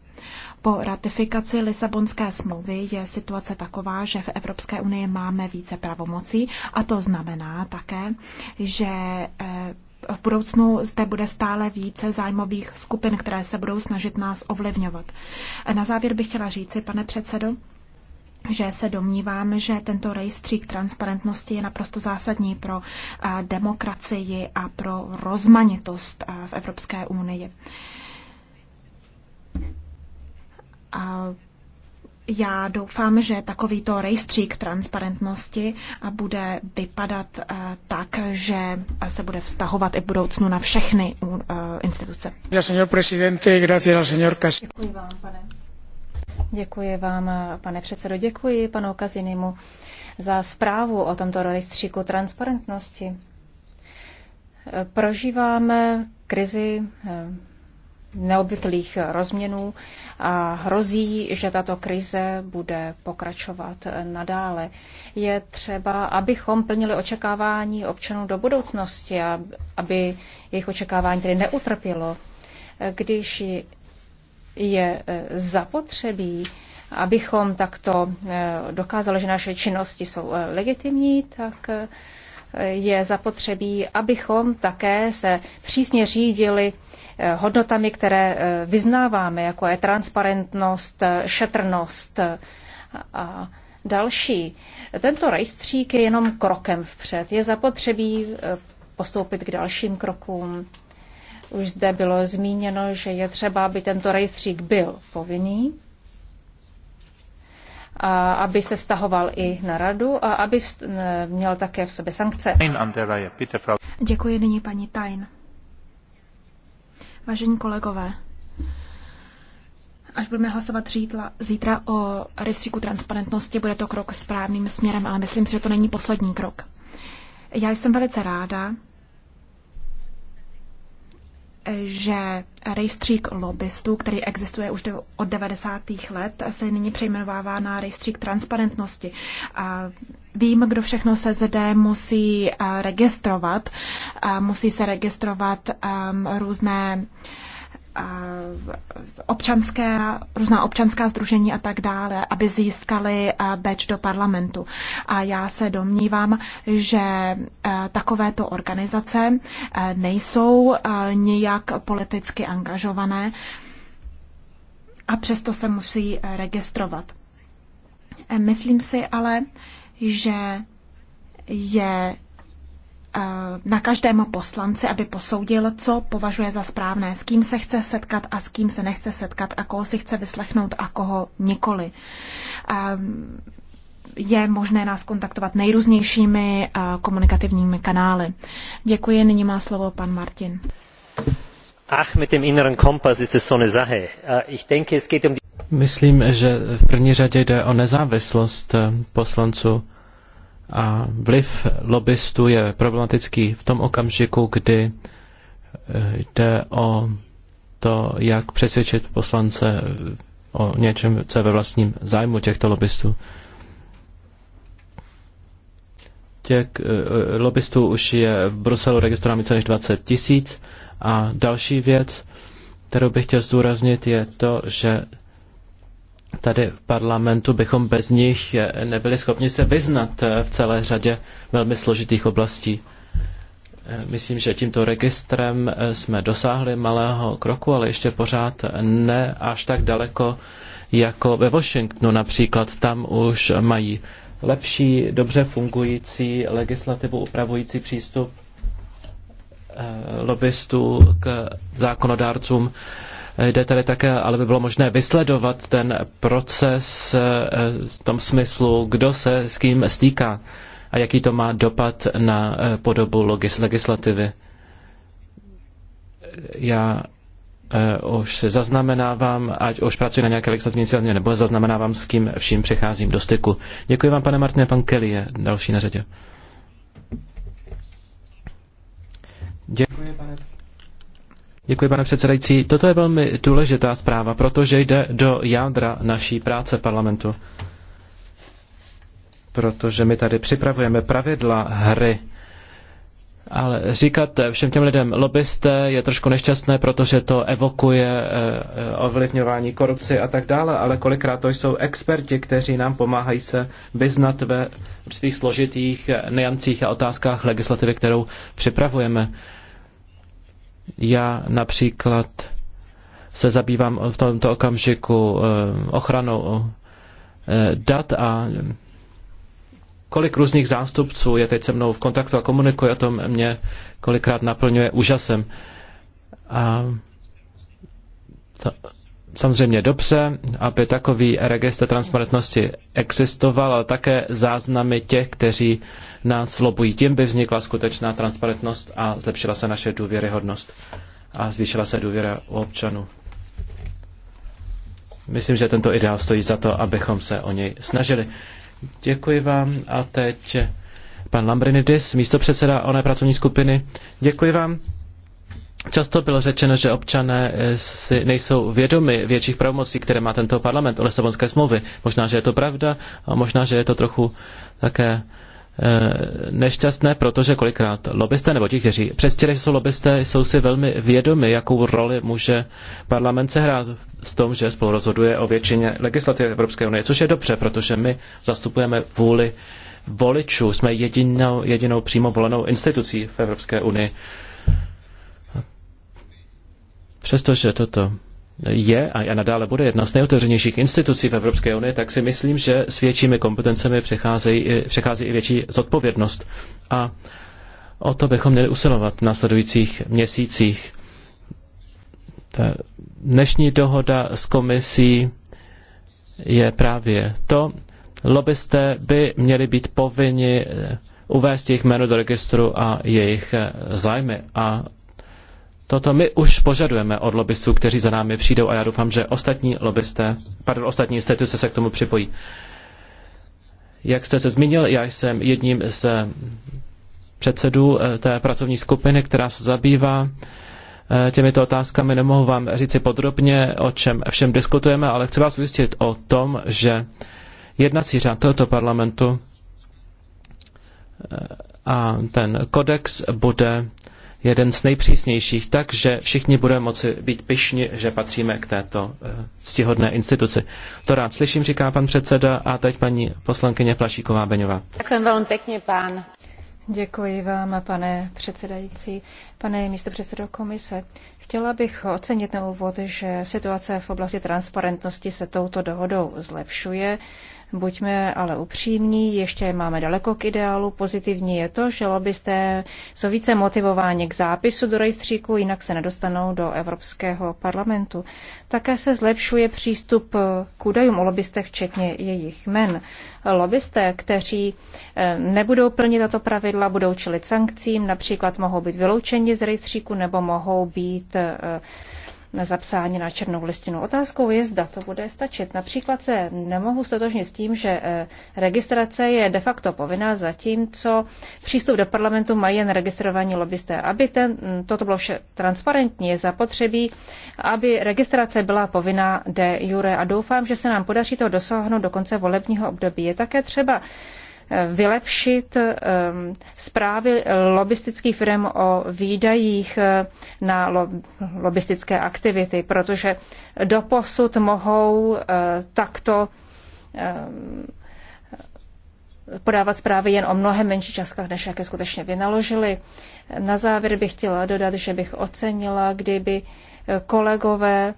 Po ratifikaci Lisabonské smlouvy je situace taková, že v Evropské unii máme více pravomocí a to znamená také, že eh, v budoucnu zde bude stále více zájmových skupin, které se budou snažit nás ovlivňovat. Na závěr bych chtěla říci, pane předsedo, že se domnívám, že tento rejstřík transparentnosti je naprosto zásadní pro eh, demokracii a pro rozmanitost eh, v Evropské unii já doufám, že takovýto rejstřík transparentnosti bude vypadat eh, tak, že se bude vztahovat i v budoucnu na všechny eh, instituce. Děkuji vám, pane. Děkuji vám, pane předsedo. Děkuji panu Kazinimu za zprávu o tomto rejstříku transparentnosti. Prožíváme krizi eh, neobvyklých rozměnů a hrozí, že tato krize bude pokračovat nadále. Je třeba, abychom plnili očekávání občanů do budoucnosti, a aby jejich očekávání tedy neutrpělo. Když je e, zapotřebí, abychom takto e, dokázali, že naše činnosti jsou e, legitimní, tak je zapotřebí, abychom také se přísně řídili eh, hodnotami, které eh, vyznáváme, jako je transparentnost, eh, šetrnost a další. Tento rejstřík je jenom krokem vpřed. Je zapotřebí postoupit k dalším krokům. Už zde bylo zmíněno, že je třeba, aby tento rejstřík byl povinný a aby se vztahoval i na radu a aby měl také v sobě sankce. Děkuji nyní paní Tajn. Vážení kolegové, až budeme hlasovat řítla, zítra o riziku transparentnosti, bude to krok správným směrem, ale myslím si, že to není poslední krok. Já jsem velice ráda, že rejstřík lobbystů, který existuje už od 90. let, se nyní přejmenovává na rejstřík transparentnosti. Vím, kdo všechno se zde musí eh, registrovat. Musí se registrovat ehm, různé občanské, různá občanská združení a tak dále, aby získali beč do parlamentu. A já se domnívám, že takovéto organizace nejsou nijak politicky angažované a přesto se musí registrovat. Myslím si ale, že je Eh, na každém poslanci, aby posoudil, co považuje za správné, s kým se chce setkat a s kým se nechce setkat a koho si chce vyslechnout a koho nikoli. Eh, je možné nás kontaktovat nejrůznějšími eh, komunikativními kanály. Děkuji, nyní má slovo pan Martin. Ach, mit dem inneren Kompass ist es so eine Sache. Ich denke, es geht um Myslím, že v první řadě jde o nezávislost poslanců a vliv lobbystů je problematický v tom okamžiku, kdy eh, jde o to, jak přesvědčit poslance eh, o něčem, co je ve vlastním zájmu těchto lobbystů. Těch eh, lobbystů už je v Bruselu registrováno více než 20 tisíc. A další věc, kterou bych chtěl zdůraznit, je to, že tady v parlamentu bychom bez nich eh, nebyli schopni se vyznat eh, v celé řadě velmi složitých oblastí. Eh, myslím, že tímto registrem jsme dosáhli malého kroku, ale ještě pořád ne až tak daleko jako ve Washingtonu například. Tam už mají lepší, dobře fungující legislativu upravující přístup lobbystů k zákonodárcům Jde tedy také, ale by bylo možné vysledovat ten proces eh, v tom smyslu, kdo se s kým stýká a jaký to má dopad na eh, podobu legislativy. Já eh, už se zaznamenávám, ať už pracuji na nějaké legislativní cílně, nebo zaznamenávám, s kým vším přecházím do styku. Děkuji vám, pane Martine, pan Kelly je další na řadě. Děkuji, pane Děkuji, pane předsedající. Toto je velmi důležitá zpráva, protože jde do jádra naší práce parlamentu. Protože my tady připravujeme pravidla hry. Ale říkat všem těm lidem lobbyste je trošku nešťastné, protože to evokuje eh, eh, ovlivňování korupci a tak dále, ale kolikrát to jsou experti, kteří nám pomáhají se vyznat ve určitých složitých eh, nejancích a otázkách legislativy, kterou připravujeme. Já například se zabývám v tomto okamžiku eh, ochranou eh, dat a kolik různých zástupců je teď se mnou v kontaktu a komunikuje o tom, mě kolikrát naplňuje úžasem. A samozřejmě dobře, aby takový registr transparentnosti existoval, ale také záznamy těch, kteří nás lobují. Tím by vznikla skutečná transparentnost a zlepšila se naše důvěryhodnost a zvýšila se důvěra u občanů. Myslím, že tento ideál stojí za to, abychom se o něj snažili. Děkuji vám a teď pan Lambrinidis, místo předseda oné pracovní skupiny. Děkuji vám. Často bylo řečeno, že občané si nejsou vědomi větších pravomocí, které má tento parlament o Lisabonské smlouvy. Možná, že je to pravda a možná, že je to trochu také Eh, nešťastné, protože kolikrát lobbysté nebo ti, kteří přestěli, že jsou lobbysté, jsou si velmi vědomi, jakou roli může parlament sehrát s tom, že spolu rozhoduje o většině legislativy Evropské unie, což je dobře, protože my zastupujeme vůli voličů, jsme jedinou, jedinou přímo volenou institucí v Evropské unii. Přestože toto je a nadále bude jedna z nejotevřenějších institucí v Evropské unii, tak si myslím, že s většími kompetencemi přechází i větší zodpovědnost. A o to bychom měli usilovat v následujících měsících. Ta dnešní dohoda s komisí je právě to. Lobbysté by měli být povinni eh, uvést jejich jméno do registru a jejich eh, zájmy. A Toto my už požadujeme od lobbystů, kteří za námi přijdou a já doufám, že ostatní lobbysté, pardon, ostatní instituce se k tomu připojí. Jak jste se zmínil, já jsem jedním z předsedů eh, té pracovní skupiny, která se zabývá eh, těmito otázkami. Nemohu vám říci podrobně, o čem všem diskutujeme, ale chci vás ujistit o tom, že jednací řád tohoto parlamentu eh, a ten kodex bude jeden z nejpřísnějších, takže všichni budeme moci být pyšní, že patříme k této eh, ctihodné instituci. To rád slyším, říká pan předseda a teď paní poslankyně Plašíková Beňová. Děkujeme velmi pěkně, pán. Děkuji vám, pane předsedající. Pane předsedo komise, chtěla bych ocenit na úvod, že situace v oblasti transparentnosti se touto dohodou zlepšuje. Buďme ale upřímní, ještě máme daleko k ideálu. Pozitivní je to, že lobbysté jsou více motivováni k zápisu do rejstříku, jinak se nedostanou do Evropského parlamentu. Také se zlepšuje přístup k údajům o lobbystech, včetně jejich jmen. Lobbysté, kteří eh, nebudou plnit tato pravidla, budou čelit sankcím, například mohou být vyloučeni z rejstříku nebo mohou být eh, na zapsání na černou listinu. Otázkou je, zda to bude stačit. Například se nemohu stotožnit s tím, že eh, registrace je de facto povinná, zatímco přístup do parlamentu mají jen registrovaní lobbysté. Aby ten, mm, toto bylo vše transparentní, je zapotřebí, aby registrace byla povinná de jure a doufám, že se nám podaří to dosáhnout do konce volebního období. Je také třeba vylepšit ehm, zprávy lobistických firm o výdajích eh, na lobistické aktivity, protože doposud mohou eh, takto ehm, podávat zprávy jen o mnohem menší částkách, než jaké skutečně vynaložili. Na závěr bych chtěla dodat, že bych ocenila, kdyby eh, kolegové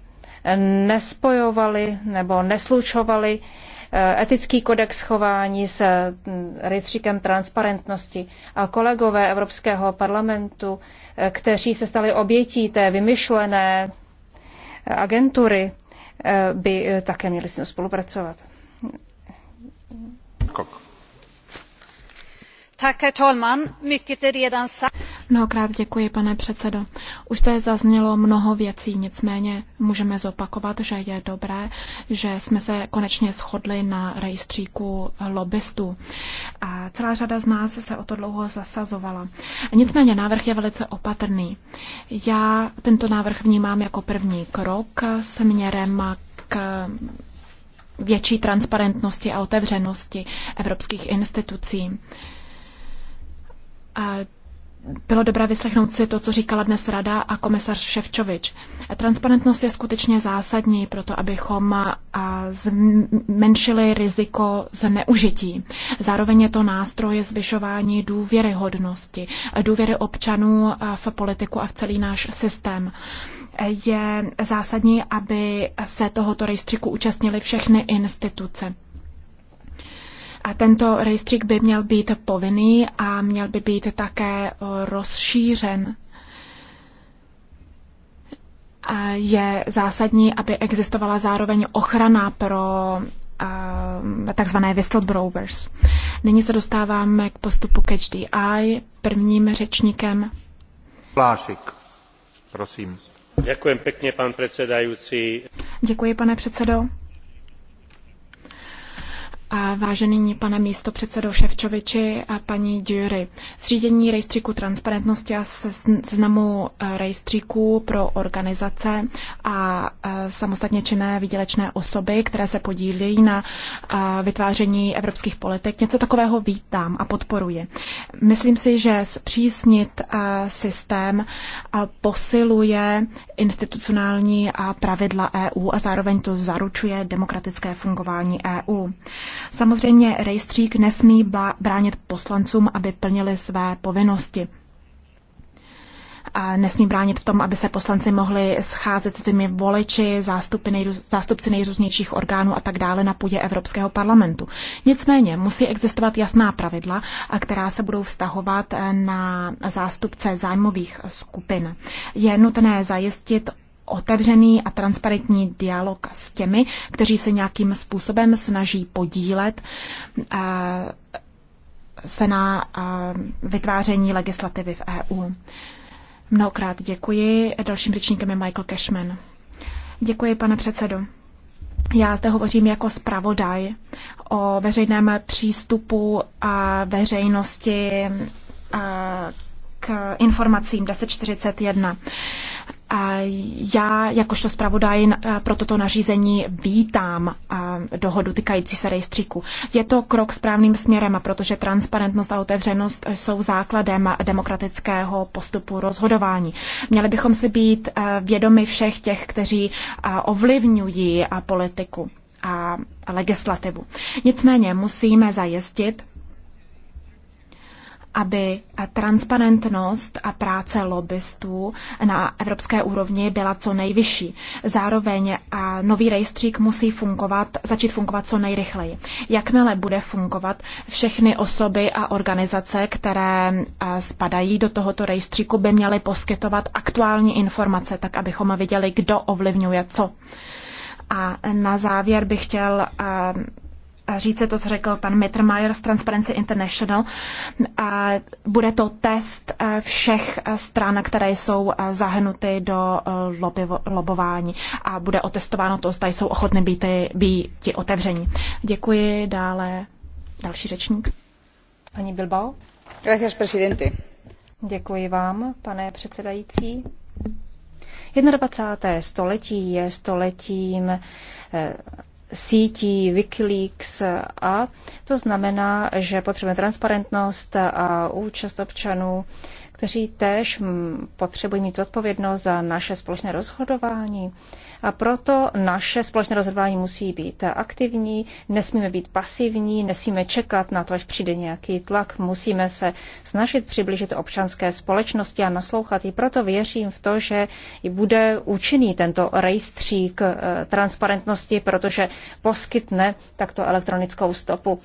nespojovali nebo neslučovali Eh, etický kodex chování s mm, rejstříkem transparentnosti a kolegové Evropského parlamentu, eh, kteří se stali obětí té vymyšlené eh, agentury, by také měli s ním spolupracovat. Kok. Mnohokrát děkuji, pane předsedo. Už zde zaznělo mnoho věcí, nicméně můžeme zopakovat, že je dobré, že jsme se konečně shodli na rejstříku lobbystů. A celá řada z nás se o to dlouho zasazovala. Nicméně návrh je velice opatrný. Já tento návrh vnímám jako první krok směrem k větší transparentnosti a otevřenosti evropských institucí. Bylo dobré vyslechnout si to, co říkala dnes Rada a komisař Ševčovič. Transparentnost je skutečně zásadní pro to, abychom zmenšili riziko zneužití. Zároveň je to nástroj zvyšování důvěryhodnosti, důvěry občanů v politiku a v celý náš systém je zásadní, aby se tohoto rejstříku účastnily všechny instituce. A tento rejstřík by měl být povinný a měl by být také rozšířen. Je zásadní, aby existovala zároveň ochrana pro takzvané whistleblowers. Nyní se dostáváme k postupu Catch the Eye. Prvním řečníkem. Plášik, prosím. Děkuji pěkně, pan předsedající. Děkuji, pane předsedo. Vážený pane místo předsedo Ševčoviči a paní Dury, zřízení rejstříku transparentnosti a seznamu eh, rejstříků pro organizace a eh, samostatně činné výdělečné osoby, které se podílejí na eh, vytváření evropských politik, něco takového vítám a podporuji. Myslím si, že zpřísnit systém posiluje institucionální pravidla EU a zároveň to zaručuje demokratické fungování EU. Samozřejmě rejstřík nesmí bránit poslancům, aby plnili své povinnosti. A nesmí bránit v tom, aby se poslanci mohli scházet s těmi voliči, zástupy nejrů, zástupci nejrůznějších orgánů a tak dále na půdě Evropského parlamentu. Nicméně musí existovat jasná pravidla, která se budou vztahovat eh, na zástupce zájmových skupin. Je nutné zajistit otevřený a transparentní dialog s těmi, kteří se nějakým způsobem snaží podílet eh, se na eh, vytváření legislativy v EU. Mnohokrát děkuji. Dalším řečníkem je Michael Cashman. Děkuji, pane předsedo. Já zde hovořím jako zpravodaj o veřejném přístupu a veřejnosti k informacím 1041. Já jakožto zpravodaj pro toto nařízení vítám dohodu týkající se rejstříku. Je to krok správným směrem, protože transparentnost a otevřenost jsou základem demokratického postupu rozhodování. Měli bychom si být vědomi všech těch, kteří ovlivňují politiku a legislativu. Nicméně musíme zajistit, aby transparentnost a práce lobbystů na evropské úrovni byla co nejvyšší. Zároveň a nový rejstřík musí fungovat, začít fungovat co nejrychleji. Jakmile bude fungovat, všechny osoby a organizace, které spadají do tohoto rejstříku, by měly poskytovat aktuální informace, tak abychom viděli, kdo ovlivňuje co. A na závěr bych chtěl říct to, co řekl pan Mittermeier z Transparency International. A bude to test eh, všech eh, stran, které jsou eh, zahrnuty do lobování a bude otestováno to, zda jsou ochotny být, být otevření. Děkuji. Dále další řečník. Paní Bilbao. Gracias, presidente. Děkuji vám, pane předsedající. 21. století je stoletím sítí Wikileaks a to znamená, že potřebujeme transparentnost a účast občanů kteří též mm, potřebují mít zodpovědnost za naše společné rozhodování. A proto naše společné rozhodování musí být aktivní, nesmíme být pasivní, nesmíme čekat na to, až přijde nějaký tlak. Musíme se snažit přiblížit občanské společnosti a naslouchat. I proto věřím v to, že bude účinný tento rejstřík eh, transparentnosti, protože poskytne takto elektronickou stopu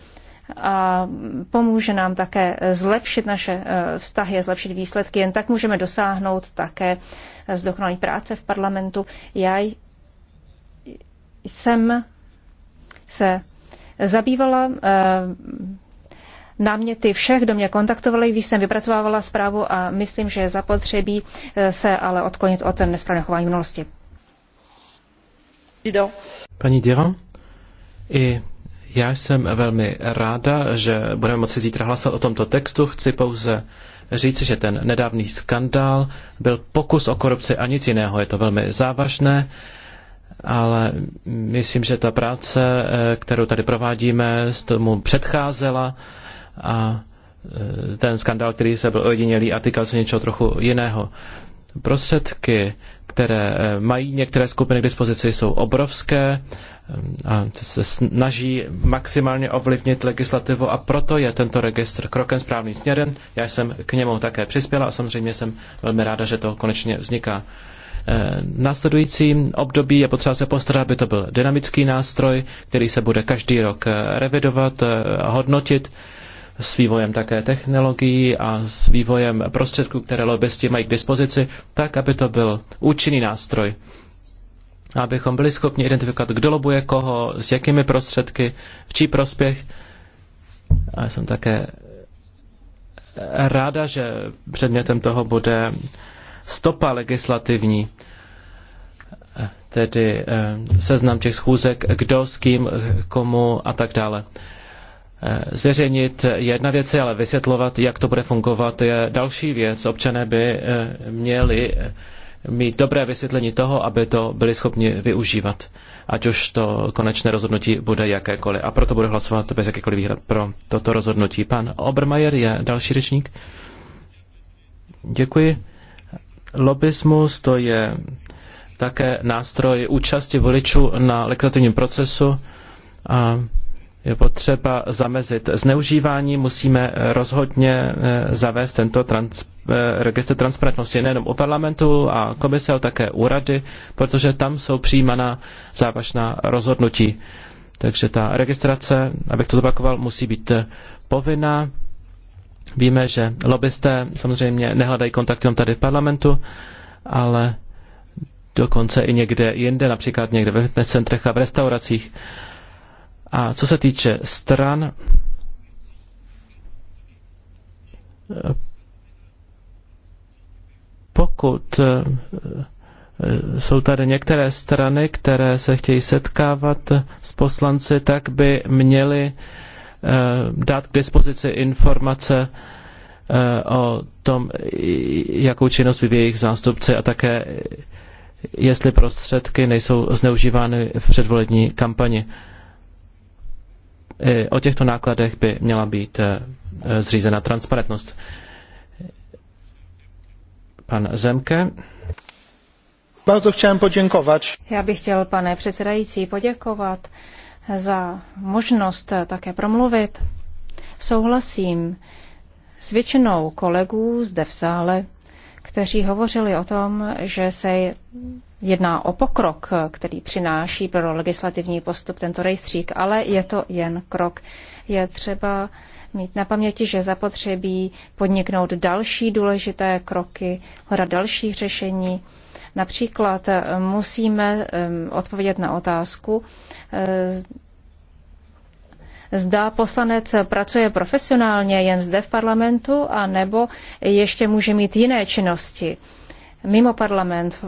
a pomůže nám také zlepšit naše e, vztahy a zlepšit výsledky. Jen tak můžeme dosáhnout také zdokonalý práce v parlamentu. Já jsem se zabývala e, náměty všech, kdo mě kontaktovali, když jsem vypracovávala zprávu a myslím, že je zapotřebí e, se ale odklonit od nesprávného chování minulosti. Paní Dira, i já jsem velmi ráda, že budeme moci zítra hlasovat o tomto textu. Chci pouze říct, že ten nedávný skandál byl pokus o korupci a nic jiného. Je to velmi závažné, ale myslím, že ta práce, eh, kterou tady provádíme, z tomu předcházela a eh, ten skandál, který se byl ojedinělý a týkal se něčeho trochu jiného. Prostředky, které eh, mají některé skupiny k dispozici, jsou obrovské a se snaží maximálně ovlivnit legislativu a proto je tento registr krokem správným směrem. Já jsem k němu také přispěla a samozřejmě jsem velmi ráda, že to konečně vzniká. V e, následujícím období je potřeba se postarat, aby to byl dynamický nástroj, který se bude každý rok e, revidovat, e, hodnotit s vývojem také technologií a s vývojem prostředků, které lobbysti mají k dispozici, tak, aby to byl účinný nástroj abychom byli schopni identifikovat, kdo lobuje koho, s jakými prostředky, v čí prospěch. A jsem také ráda, že předmětem toho bude stopa legislativní, tedy eh, seznam těch schůzek, kdo s kým, komu a tak dále. Eh, zveřejnit jedna věc, ale vysvětlovat, jak to bude fungovat, je další věc. Občané by eh, měli mít dobré vysvětlení toho, aby to byli schopni využívat, ať už to konečné rozhodnutí bude jakékoliv. A proto bude hlasovat bez jakékoliv výhrad pro toto rozhodnutí. Pan Obermajer je další řečník. Děkuji. Lobismus to je také nástroj účasti voličů na legislativním procesu a je potřeba zamezit zneužívání, musíme rozhodně eh, zavést tento trans, eh, registr transparentnosti nejenom u parlamentu a komise, ale také u rady, protože tam jsou přijímána závažná rozhodnutí. Takže ta registrace, abych to zopakoval, musí být eh, povinná. Víme, že lobbysté samozřejmě nehledají kontakty jenom tady v parlamentu, ale dokonce i někde jinde, například někde ve fitness centrech a v restauracích. A co se týče stran, pokud eh, eh, jsou tady některé strany, které se chtějí setkávat s poslanci, tak by měly eh, dát k dispozici informace o tom, jakou činnost vyvíjí jejich zástupci a také jestli prostředky nejsou zneužívány v předvolební kampani. I e, o těchto nákladech by měla být e, e, zřízena transparentnost. Pan Zemke. Bardzo chciałem poděkovat. Já bych chtěl, pane předsedající, poděkovat za možnost také promluvit. Souhlasím s většinou kolegů zde v sále, kteří hovořili o tom, že se jedná o pokrok, který přináší pro legislativní postup tento rejstřík, ale je to jen krok. Je třeba mít na paměti, že zapotřebí podniknout další důležité kroky, hledat další řešení. Například eh, musíme eh, odpovědět na otázku, eh, zda poslanec pracuje profesionálně jen zde v parlamentu, anebo ještě může mít jiné činnosti mimo parlament,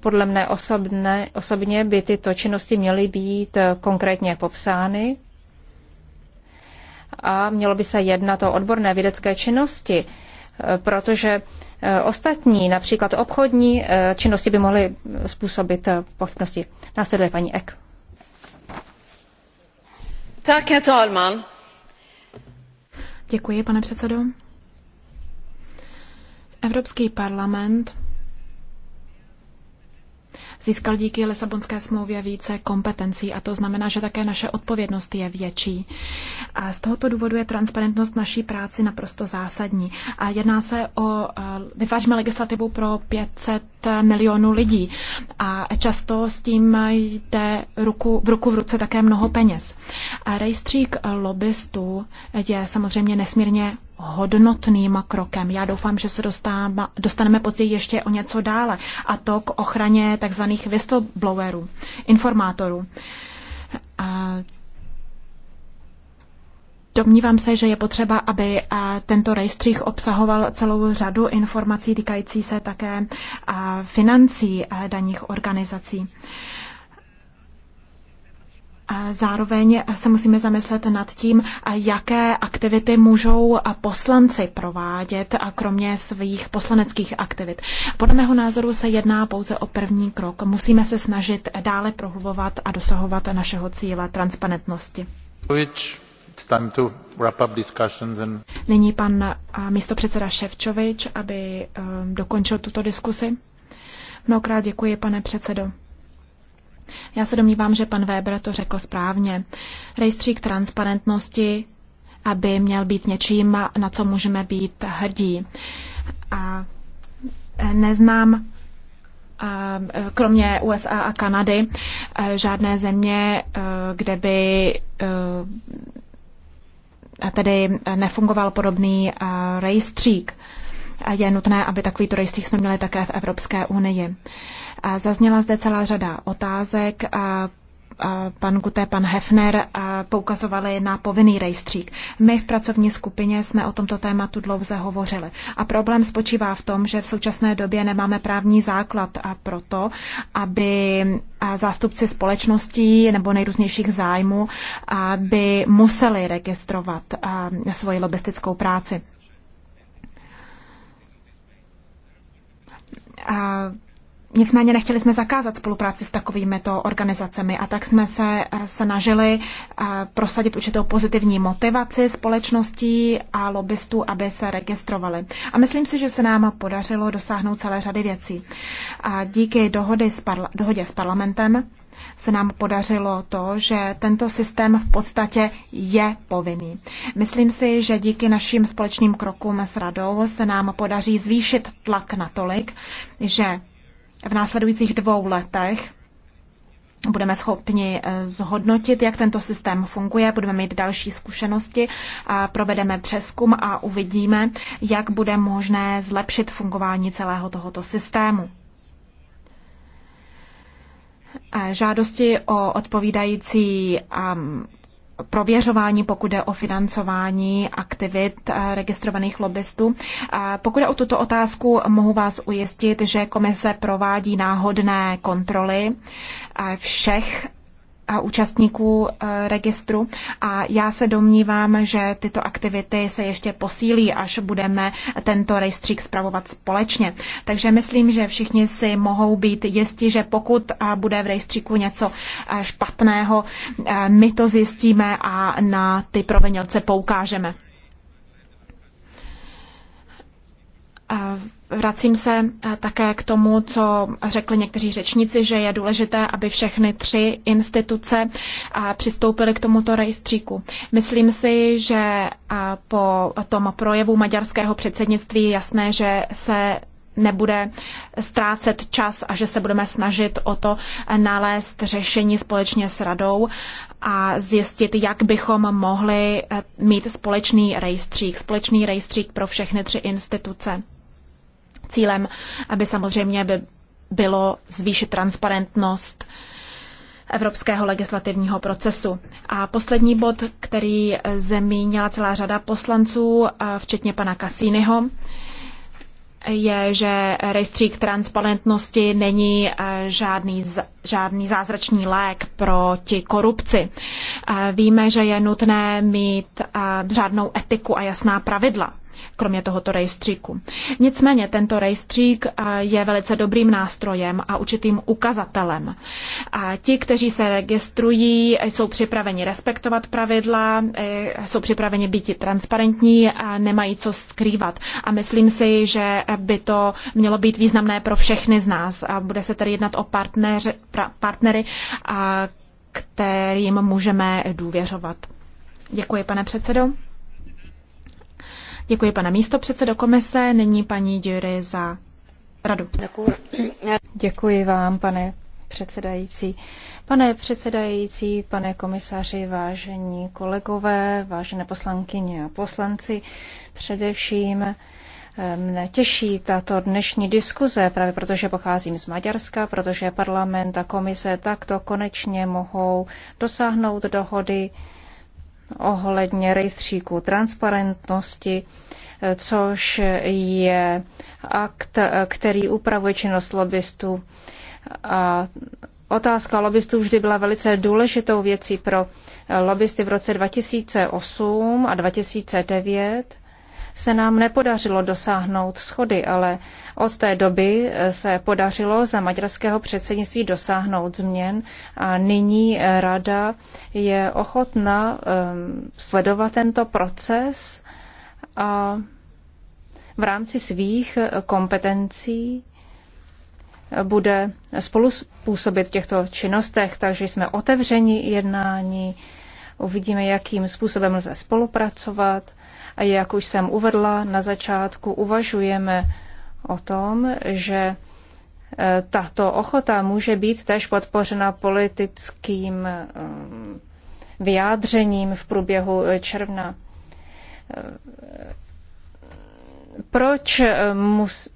podle mne osobne, osobně by tyto činnosti měly být eh, konkrétně popsány a mělo by se jednat o odborné vědecké činnosti, eh, protože eh, ostatní, například obchodní činnosti, by mohly způsobit pochybnosti. Následuje paní Ek. Tak, to Talman. Děkuji, pane předsedo. Evropský parlament získal díky Lisabonské smlouvě více kompetencí a to znamená, že také naše odpovědnost je větší. A z tohoto důvodu je transparentnost naší práci naprosto zásadní. A jedná se o, eh, vytváříme legislativu pro 500 milionů lidí a často s tím jde ruku, v ruku v ruce také mnoho peněz. A rejstřík lobbystů je samozřejmě nesmírně hodnotným krokem. Já doufám, že se dostáme, dostaneme později ještě o něco dále, a to k ochraně tzv. whistleblowerů, informátorů. A Domnívám se, že je potřeba, aby tento rejstřík obsahoval celou řadu informací týkající se také financí daních organizací. Zároveň se musíme zamyslet nad tím, jaké aktivity můžou poslanci provádět a kromě svých poslaneckých aktivit. Podle mého názoru se jedná pouze o první krok. Musíme se snažit dále prohlubovat a dosahovat našeho cíle transparentnosti. And... Nyní pan místopředseda Ševčovič, aby um, dokončil tuto diskusi. Mnohokrát děkuji, pane předsedo. Já se domnívám, že pan Weber to řekl správně. Rejstřík transparentnosti, aby měl být něčím, na co můžeme být hrdí. A e, neznám e, kromě USA a Kanady e, žádné země, kde by tedy nefungoval podobný rejstřík. Je nutné, aby takovýto rejstřík jsme měli také v Evropské unii. Zazněla zde celá řada otázek. Pan Guté, pan Hefner poukazovali na povinný rejstřík. My v pracovní skupině jsme o tomto tématu dlouze hovořili. A problém spočívá v tom, že v současné době nemáme právní základ pro to, aby zástupci společností nebo nejrůznějších zájmů by museli registrovat svoji lobistickou práci. A Nicméně nechtěli jsme zakázat spolupráci s takovými to organizacemi a tak jsme se eh, snažili eh, prosadit určitou pozitivní motivaci společností a lobbystů, aby se registrovali. A myslím si, že se nám podařilo dosáhnout celé řady věcí. A díky dohody s parla- dohodě s parlamentem se nám podařilo to, že tento systém v podstatě je povinný. Myslím si, že díky našim společným krokům s radou se nám podaří zvýšit tlak natolik, že v následujících dvou letech budeme schopni eh, zhodnotit, jak tento systém funguje, budeme mít další zkušenosti, a provedeme přeskum a uvidíme, jak bude možné zlepšit fungování celého tohoto systému. Eh, žádosti o odpovídající prověřování, pokud jde o financování aktivit eh, registrovaných lobbystů. Eh, pokud jde o tuto otázku, mohu vás ujistit, že komise provádí náhodné kontroly eh, všech a účastníků eh, registru a já se domnívám, že tyto aktivity se ještě posílí, až budeme tento rejstřík spravovat společně. Takže myslím, že všichni si mohou být jisti, že pokud eh, bude v rejstříku něco eh, špatného, my to zjistíme a na ty provenělce poukážeme. Vracím se eh, také k tomu, co řekli někteří řečníci, že je důležité, aby všechny tři instituce eh, přistoupily k tomuto rejstříku. Myslím si, že eh, po tom projevu maďarského předsednictví je jasné, že se nebude ztrácet čas a že se budeme snažit o to nalézt řešení společně s radou a zjistit, jak bychom mohli mít společný rejstřík, společný rejstřík pro všechny tři instituce. Cílem aby samozřejmě by bylo zvýšit transparentnost evropského legislativního procesu. A poslední bod, který zmínila celá řada poslanců, včetně pana Cassiniho, je, že rejstřík transparentnosti není žádný, žádný zázračný lék proti korupci. Víme, že je nutné mít řádnou etiku a jasná pravidla kromě tohoto rejstříku. Nicméně tento rejstřík eh, je velice dobrým nástrojem a určitým ukazatelem. A ti, kteří se registrují, jsou připraveni respektovat pravidla, eh, jsou připraveni být transparentní a nemají co skrývat. A myslím si, že by to mělo být významné pro všechny z nás. A bude se tedy jednat o partner, pra, partnery, a kterým můžeme důvěřovat. Děkuji, pane předsedo. Děkuji, pane místo předsedo komise. Nyní paní Jury za radu. Děkuji vám, pane předsedající. Pane předsedající, pane komisaři, vážení kolegové, vážené poslankyně a poslanci, především eh, Mne těší tato dnešní diskuze, právě protože pocházím z Maďarska, protože parlament a komise takto konečně mohou dosáhnout dohody ohledně rejstříku transparentnosti, což je akt, který upravuje činnost lobbystů. A otázka lobbystů vždy byla velice důležitou věcí pro lobbysty v roce 2008 a 2009 se nám nepodařilo dosáhnout schody, ale od té doby se podařilo za maďarského předsednictví dosáhnout změn a nyní rada je ochotna ehm, sledovat tento proces a v rámci svých kompetencí bude působit v těchto činnostech, takže jsme otevřeni jednání, uvidíme, jakým způsobem lze spolupracovat jak už jsem uvedla na začátku, uvažujeme o tom, že e, tato ochota může být tež podpořena politickým e, vyjádřením v průběhu e, června. Proč mus,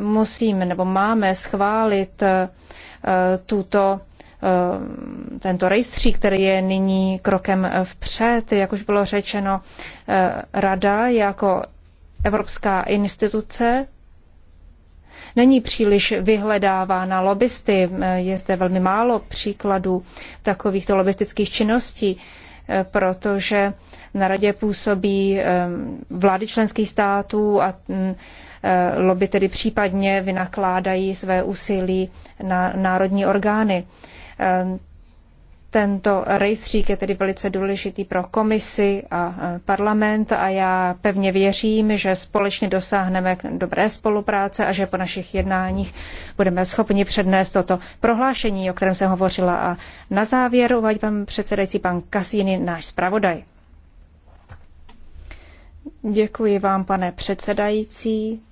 musíme nebo máme schválit tuto Eh, tento rejstřík, který je nyní krokem vpřed, jak už bylo řečeno, eh, rada jako evropská instituce není příliš vyhledávána lobbysty. Eh, je zde velmi málo příkladů takovýchto lobbystických činností, protože na radě působí vlády členských států a mm, lobby tedy případně vynakládají své úsilí na národní orgány. Ehm, tento rejstřík je tedy velice důležitý pro komisi a parlament a já pevně věřím, že společně dosáhneme dobré spolupráce a že po našich jednáních budeme schopni přednést toto prohlášení, o kterém jsem hovořila. A na závěr uvádí pan předsedající pan Kasíny, náš zpravodaj. Děkuji vám, pane předsedající.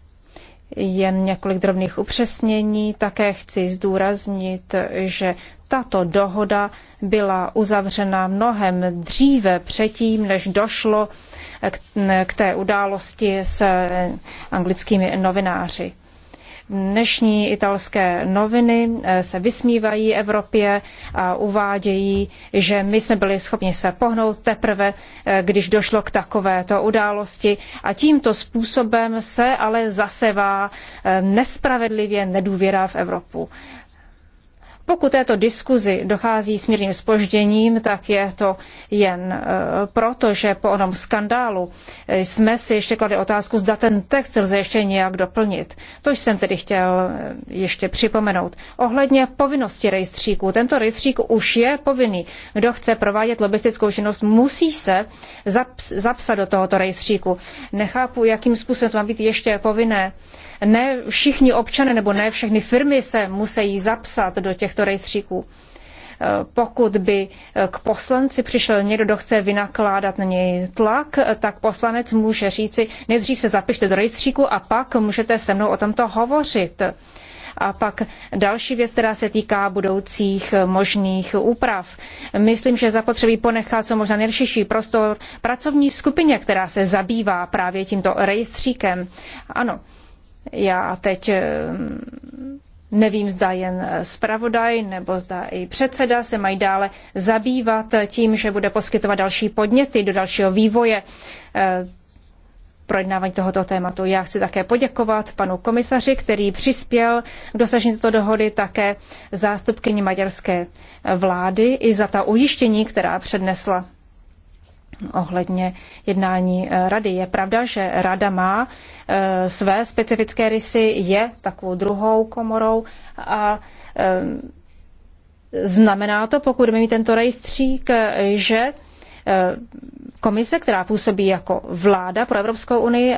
Jen několik drobných upřesnění. Také chci zdůraznit, že tato dohoda byla uzavřena mnohem dříve předtím, než došlo k, té události s anglickými novináři. Dnešní italské noviny eh, se vysmívají Evropě a uvádějí, že my jsme byli schopni se pohnout teprve, eh, když došlo k takovéto události. A tímto způsobem se ale zasevá eh, nespravedlivě nedůvěra v Evropu. Pokud této diskuzi dochází s mírným spožděním, tak je to jen eh, proto, že po onom skandálu eh, jsme si ještě kladli otázku, zda ten text lze ještě nějak doplnit. To jsem tedy chtěl eh, ještě připomenout. Ohledně povinnosti rejstříku. Tento rejstřík už je povinný. Kdo chce provádět lobistickou činnost, musí se zaps- zapsat do tohoto rejstříku. Nechápu, jakým způsobem to má být ještě povinné. Ne všichni občané nebo ne všechny firmy se musí zapsat do těchto těchto rejstříků. Eh, pokud by eh, k poslanci přišel někdo, kdo chce vynakládat na něj tlak, eh, tak poslanec může říci, nejdřív se zapište do rejstříku a pak můžete se mnou o tomto hovořit. A pak další věc, která se týká budoucích možných úprav. Myslím, že zapotřebí ponechat co možná nejširší prostor pracovní skupině, která se zabývá právě tímto rejstříkem. Ano, já teď Nevím, zda jen eh, zpravodaj nebo zda i předseda se mají dále zabývat eh, tím, že bude poskytovat další podněty do dalšího vývoje eh, projednávání tohoto tématu. Já chci také poděkovat panu komisaři, který přispěl k dosažení této dohody také zástupkyni maďarské vlády i za ta ujištění, která přednesla ohledně jednání eh, rady. Je pravda, že rada má eh, své specifické rysy, je takovou druhou komorou a eh, znamená to, pokud mi tento rejstřík, že komise, která působí jako vláda pro Evropskou unii,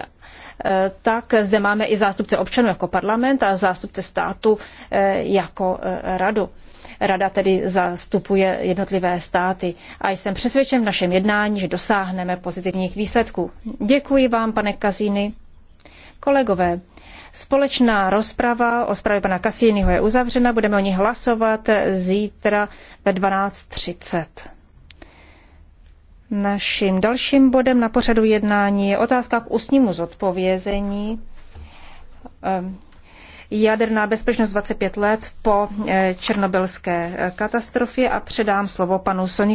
tak zde máme i zástupce občanů jako parlament a zástupce státu jako radu. Rada tedy zastupuje jednotlivé státy. A jsem přesvědčen v našem jednání, že dosáhneme pozitivních výsledků. Děkuji vám, pane Kazíny. Kolegové, společná rozprava o zprávě pana Kasínyho je uzavřena. Budeme o ní hlasovat zítra ve 12.30. Naším dalším bodem na pořadu jednání je otázka k ústnímu zodpovězení jaderná bezpečnost 25 let po eh, černobylské eh, katastrofě a předám slovo panu Soni